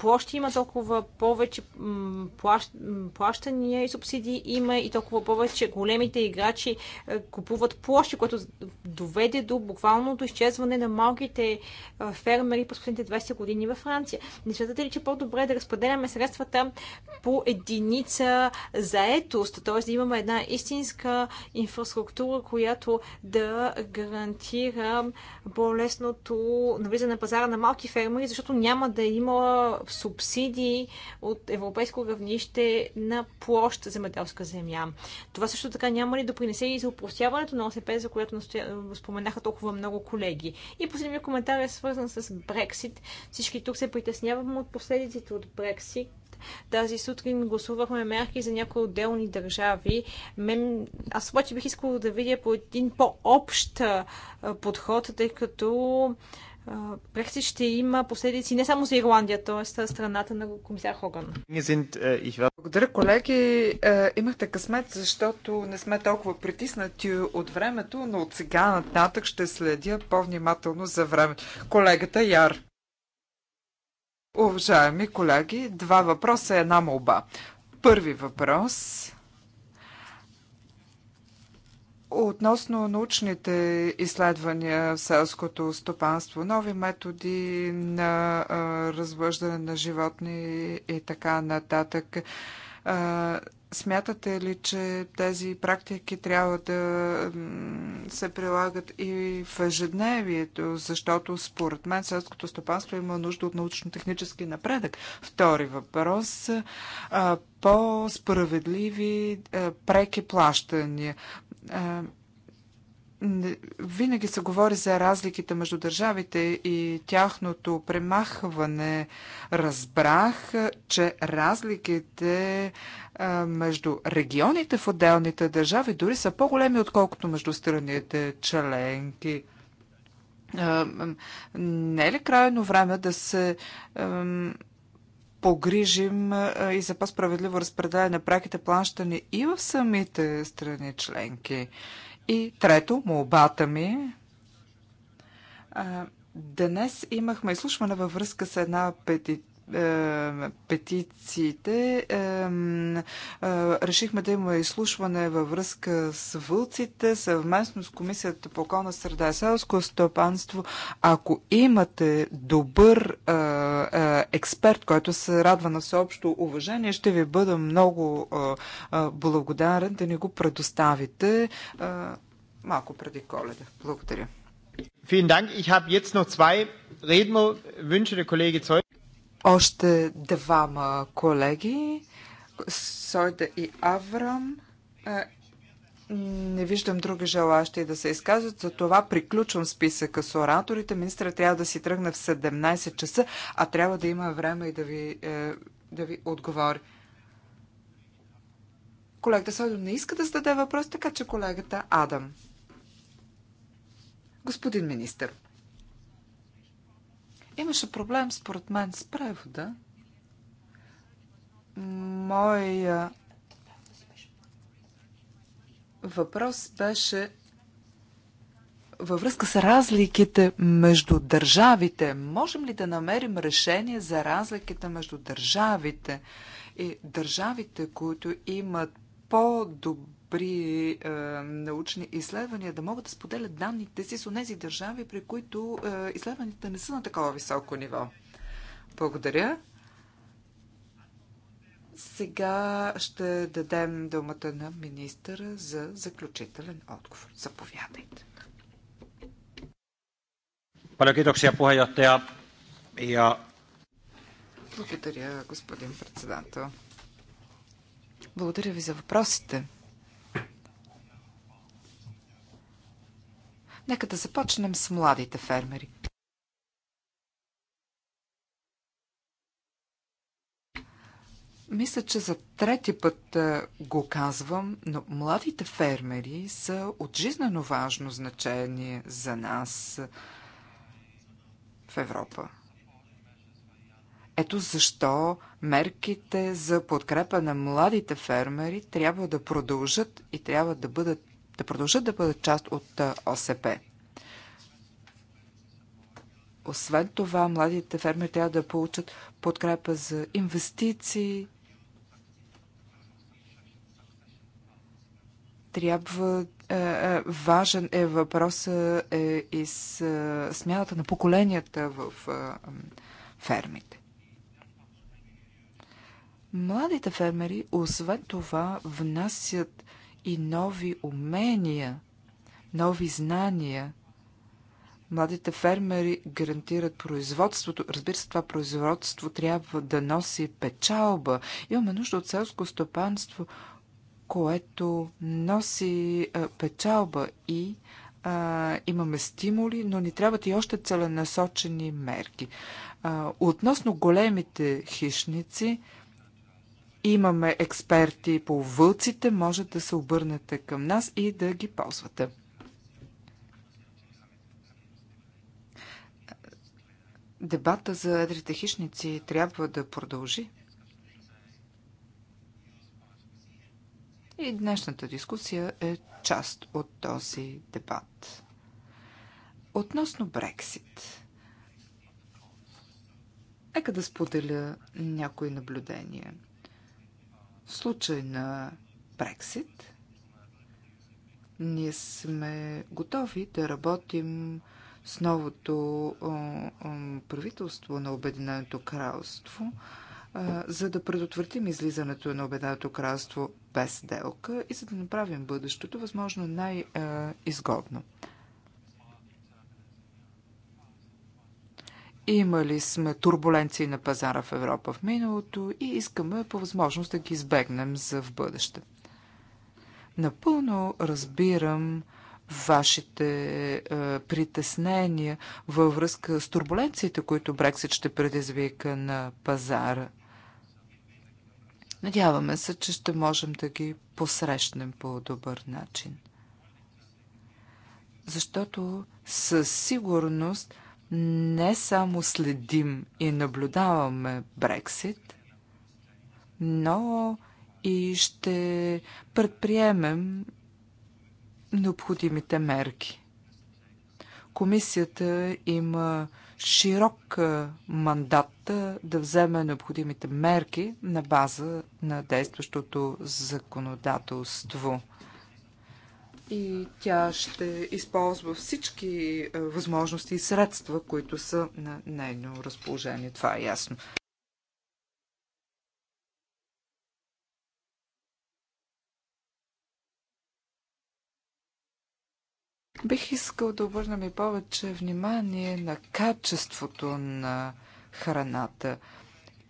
площи има толкова повече плащ, плащания и субсидии има и толкова повече големите играчи е, купуват площи, което доведе до буквалното изчезване на малките е, фермери през последните 20 години във Франция. Не смятате ли, че по-добре е да разпределяме средствата по единица заетост, т.е. да имаме една истинска инфраструктура, която да гарантира по-лесното навлизане на пазара на малки фермери, защото няма да има субсидии от европейско равнище на площ земеделска земя. Това също така няма ли да принесе и за упростяването на ОСП, за което споменаха толкова много колеги. И последният коментар е свързан с Брексит. Всички тук се притесняваме от последиците от Брексит. Тази сутрин гласувахме мерки за някои отделни държави. Мен, аз обаче бих искала да видя по един по-общ подход, тъй като Брексит ще има последици не само за Ирландия, т.е. страната на комисар Хоган. Е, Благодаря, колеги. Е, имахте късмет, защото не сме толкова притиснати от времето, но от сега нататък ще следя по-внимателно за времето. Колегата Яр. Уважаеми колеги, два въпроса и една молба. Първи въпрос Относно научните изследвания в селското стопанство, нови методи на развъждане на животни и така нататък, смятате ли, че тези практики трябва да се прилагат и в ежедневието, защото според мен селското стопанство има нужда от научно-технически напредък? Втори въпрос по-справедливи преки плащания винаги се говори за разликите между държавите и тяхното премахване. Разбрах, че разликите между регионите в отделните държави дори са по-големи, отколкото между страните членки. Не е ли крайно време да се погрижим и за по-справедливо разпределение на праките плащане и в самите страни членки. И трето, молбата ми. Днес имахме изслушване във връзка с една петиция е, петициите, е, е, решихме да има изслушване във връзка с вълците, съвместно с Комисията по околна среда и селско стопанство. Ако имате добър експерт, който се радва на всеобщо уважение, ще ви бъда много благодарен да ни го предоставите малко преди коледа. Благодаря. Vielen Dank. Ich habe jetzt noch zwei Rednerwünsche. Der Kollege Zeug още двама колеги. Сойда и Аврам. Е, не виждам други желащи да се изказват, за това приключвам списъка с ораторите. Министра трябва да си тръгне в 17 часа, а трябва да има време и да ви, е, да ви отговори. Колегата Сойдо не иска да зададе въпрос, така че колегата Адам. Господин министър. Имаше проблем, според мен, с превода. Моя въпрос беше във връзка с разликите между държавите. Можем ли да намерим решение за разликите между държавите и държавите, които имат по-добър при е, научни изследвания, да могат да споделят данните си с онези държави, при които е, изследванията не са на такова високо ниво. Благодаря. Сега ще дадем думата на министъра за заключителен отговор. Заповядайте. Благодаря, господин председател. Благодаря ви за въпросите. Нека да започнем с младите фермери. Мисля, че за трети път е, го казвам, но младите фермери са от жизнено важно значение за нас е, в Европа. Ето защо мерките за подкрепа на младите фермери трябва да продължат и трябва да бъдат да продължат да бъдат част от ОСП. Освен това, младите фермери трябва да получат подкрепа за инвестиции. Трябва. Е, важен е въпросът е, и с е, смяната на поколенията в е, фермите. Младите фермери, освен това, внасят и нови умения, нови знания. Младите фермери гарантират производството. Разбира се, това производство трябва да носи печалба. Имаме нужда от селско стопанство, което носи печалба и а, имаме стимули, но ни трябват и още целенасочени мерки. А, относно големите хищници, Имаме експерти по вълците, може да се обърнете към нас и да ги ползвате. Дебата за едрите хищници трябва да продължи. И днешната дискусия е част от този дебат. Относно Брексит. Нека да споделя някои наблюдения – в случай на Брексит, ние сме готови да работим с новото правителство на Обединеното кралство, за да предотвратим излизането на Обединеното кралство без делка и за да направим бъдещето възможно най-изгодно. Имали сме турбуленции на пазара в Европа в миналото и искаме по възможност да ги избегнем за в бъдеще. Напълно разбирам вашите е, притеснения във връзка с турбуленциите, които Брексит ще предизвика на пазара. Надяваме се, че ще можем да ги посрещнем по добър начин. Защото със сигурност не само следим и наблюдаваме Брексит, но и ще предприемем необходимите мерки. Комисията има широк мандат да вземе необходимите мерки на база на действащото законодателство и тя ще използва всички е, възможности и средства, които са на нейно разположение. Това е ясно. Бих искал да обърнем и повече внимание на качеството на храната.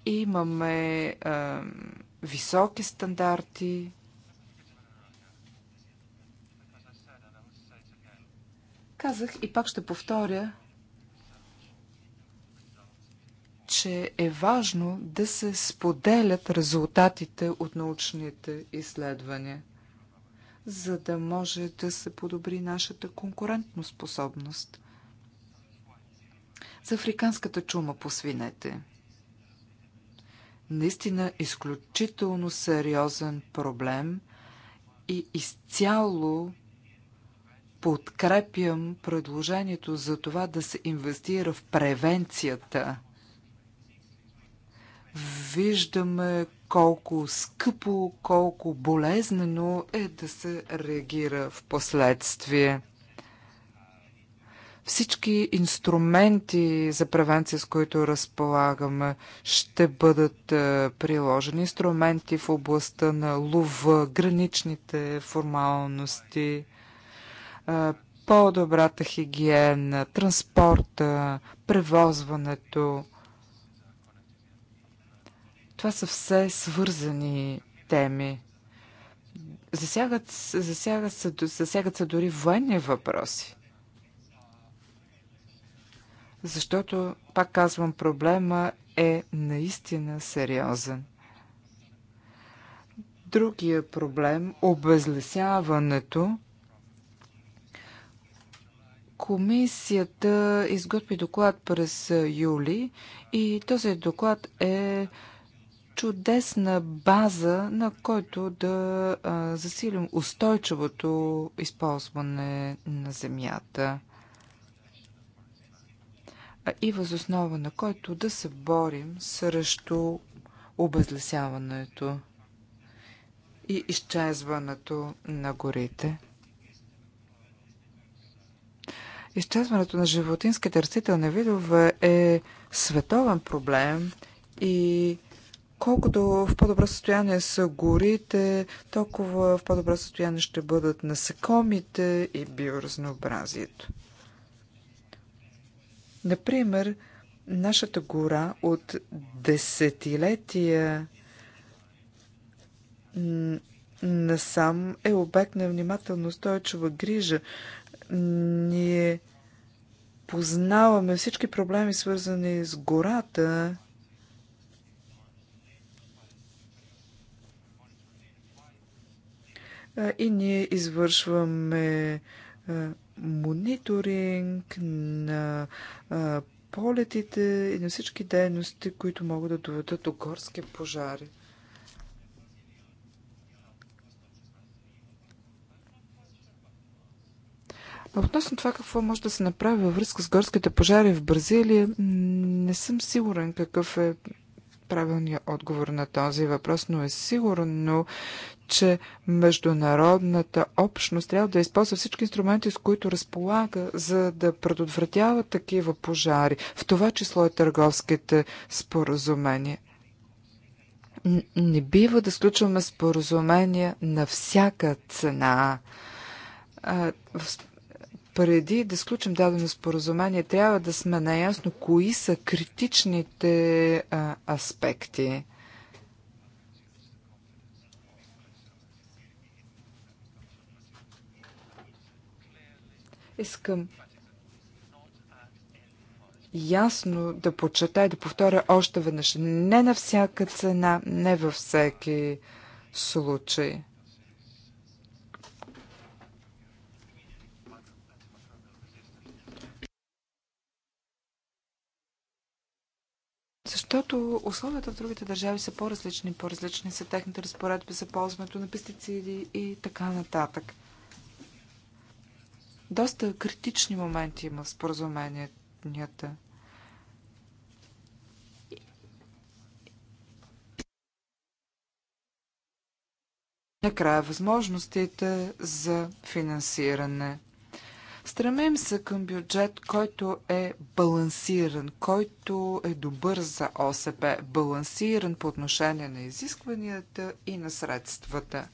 Имаме е, високи стандарти Казах и пак ще повторя, че е важно да се споделят резултатите от научните изследвания, за да може да се подобри нашата конкурентноспособност. За африканската чума по свинете. Наистина изключително сериозен проблем и изцяло подкрепям предложението за това да се инвестира в превенцията. Виждаме колко скъпо, колко болезнено е да се реагира в последствие. Всички инструменти за превенция, с които разполагаме, ще бъдат е, приложени. Инструменти в областта на лова, граничните формалности – по-добрата хигиена, транспорта, превозването. Това са все свързани теми. Засягат, засягат, се, засягат се дори военни въпроси. Защото, пак казвам, проблема е наистина сериозен. Другия проблем – обезлесяването – Комисията изготви доклад през юли и този доклад е чудесна база, на който да засилим устойчивото използване на земята и възоснова на който да се борим срещу обезлесяването и изчезването на горите. Изчезването на животинските растителни видове е световен проблем и колкото в по-добро състояние са горите, толкова в по-добро състояние ще бъдат насекомите и биоразнообразието. Например, нашата гора от десетилетия насам е обект на внимателно устойчива грижа. Ние познаваме всички проблеми, свързани с гората. И ние извършваме мониторинг на полетите и на всички дейности, които могат да доведат до горски пожари. Относно това какво може да се направи във връзка с горските пожари в Бразилия, не съм сигурен какъв е правилният отговор на този въпрос, но е сигурно, че международната общност трябва да използва всички инструменти, с които разполага, за да предотвратява такива пожари, в това число и търговските споразумения. Не бива да сключваме споразумения на всяка цена. В преди да сключим дадено споразумение, трябва да сме наясно кои са критичните а, аспекти. Искам ясно да почета и да повторя още веднъж. Не на всяка цена, не във всеки случай. Защото условията в другите държави са по-различни. По-различни са техните разпоредби за ползването на пестициди и така нататък. Доста критични моменти има в споразуменията. Накрая възможностите за финансиране – Стремим се към бюджет, който е балансиран, който е добър за ОСП, балансиран по отношение на изискванията и на средствата.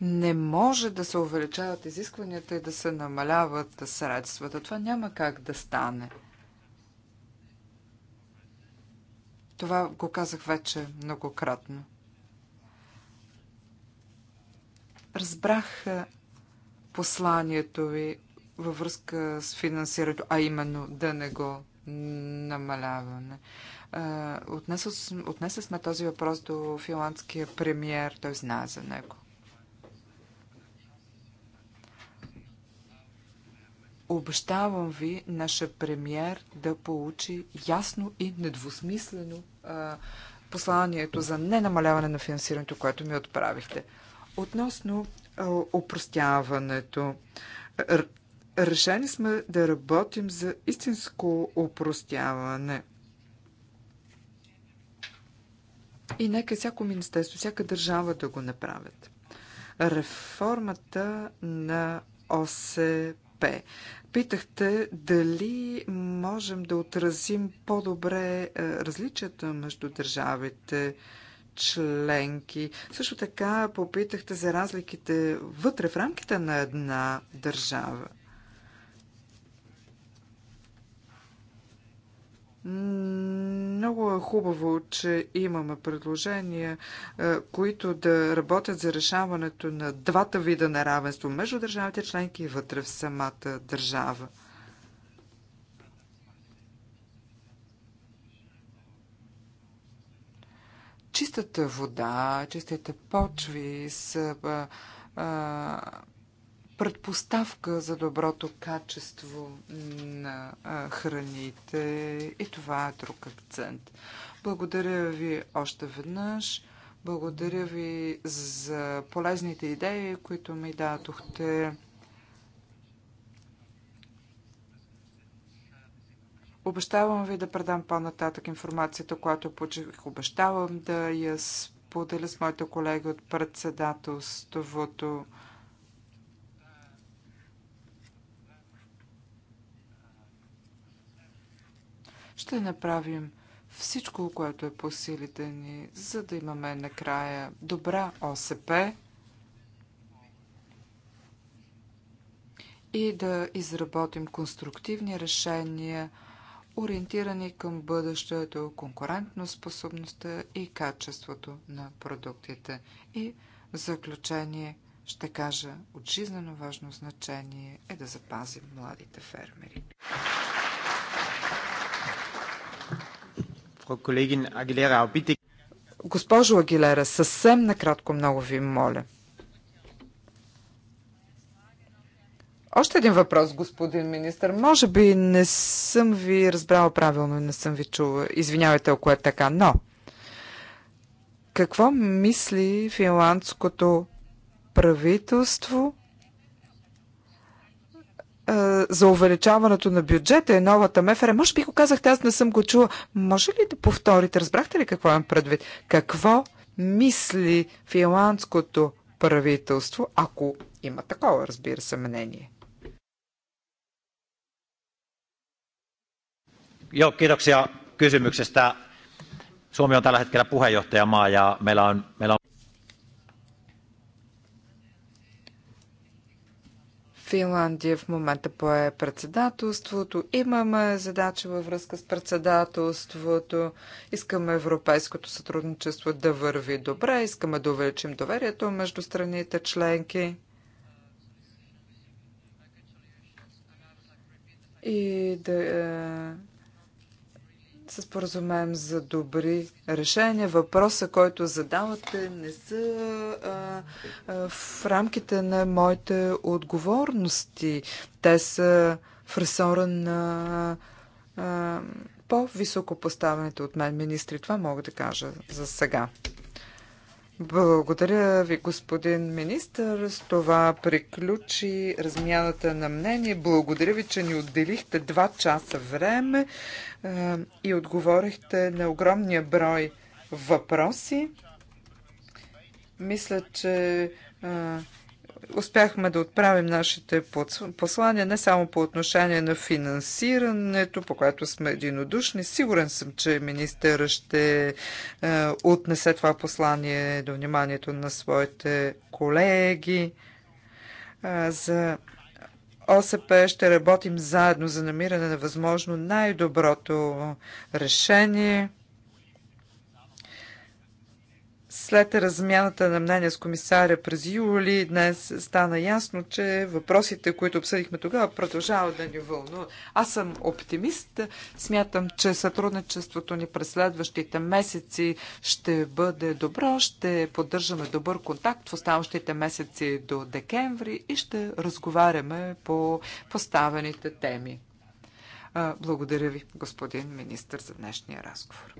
не може да се увеличават изискванията и да се намаляват средствата. Това няма как да стане. Това го казах вече многократно. Разбрах е, посланието ви във връзка с финансирането, а именно да не го намаляваме. Е, Отнесе сме този въпрос до финландския премьер, той знае за него. Обещавам ви, наша премьер да получи ясно и недвусмислено е, посланието за ненамаляване на финансирането, което ми отправихте. Относно опростяването. Решени сме да работим за истинско опростяване. И нека всяко министерство, всяка държава да го направят. Реформата на ОСП. Питахте дали можем да отразим по-добре различията между държавите членки. Също така попитахте за разликите вътре в рамките на една държава. Много е хубаво, че имаме предложения, е, които да работят за решаването на двата вида на равенство между държавите членки и вътре в самата държава. чистата вода, чистите почви са предпоставка за доброто качество на храните и това е друг акцент. Благодаря ви още веднъж. Благодаря ви за полезните идеи, които ми дадохте. Обещавам ви да предам по-нататък информацията, която получих. Обещавам да я споделя с моите колеги от председателството. Ще направим всичко, което е по силите ни, за да имаме накрая добра ОСП и да изработим конструктивни решения – ориентирани към бъдещето, конкурентно способността и качеството на продуктите. И в заключение ще кажа, от жизнено важно значение е да запазим младите фермери. Госпожо Агилера, съвсем накратко много ви моля. Още един въпрос, господин министр. Може би не съм ви разбрала правилно и не съм ви чула. Извинявайте, ако е така, но какво мисли финландското правителство за увеличаването на бюджета и новата МФР. Може би го казахте, аз не съм го чула. Може ли да повторите? Разбрахте ли какво имам предвид? Какво мисли финландското правителство, ако има такова, разбира се, мнение? kiitoksia kysymyksestä. Suomi on tällä hetkellä puheenjohtajamaa ja meillä on, meillä on Финландия в момента пое председателството. Имаме задача във връзка с председателството. Искаме европейското сътрудничество да върви добре. Искаме да увеличим доверието между страните членки. И да е, се споразумеем за добри решения. Въпроса, който задавате, не са а, а, в рамките на моите отговорности. Те са в ресора на по-високо поставените от мен министри. Това мога да кажа за сега. Благодаря ви, господин министър. С това приключи размяната на мнение. Благодаря ви, че ни отделихте два часа време е, и отговорихте на огромния брой въпроси. Мисля, че е, успяхме да отправим нашите послания не само по отношение на финансирането, по което сме единодушни. Сигурен съм, че министър ще е, отнесе това послание до вниманието на своите колеги. Е, за ОСП ще работим заедно за намиране на възможно най-доброто решение. След размяната на мнение с комисаря през юли, днес стана ясно, че въпросите, които обсъдихме тогава, продължават да ни вълнуват. Аз съм оптимист. Смятам, че сътрудничеството ни през следващите месеци ще бъде добро. Ще поддържаме добър контакт в оставащите месеци до декември и ще разговаряме по поставените теми. Благодаря ви, господин министр, за днешния разговор.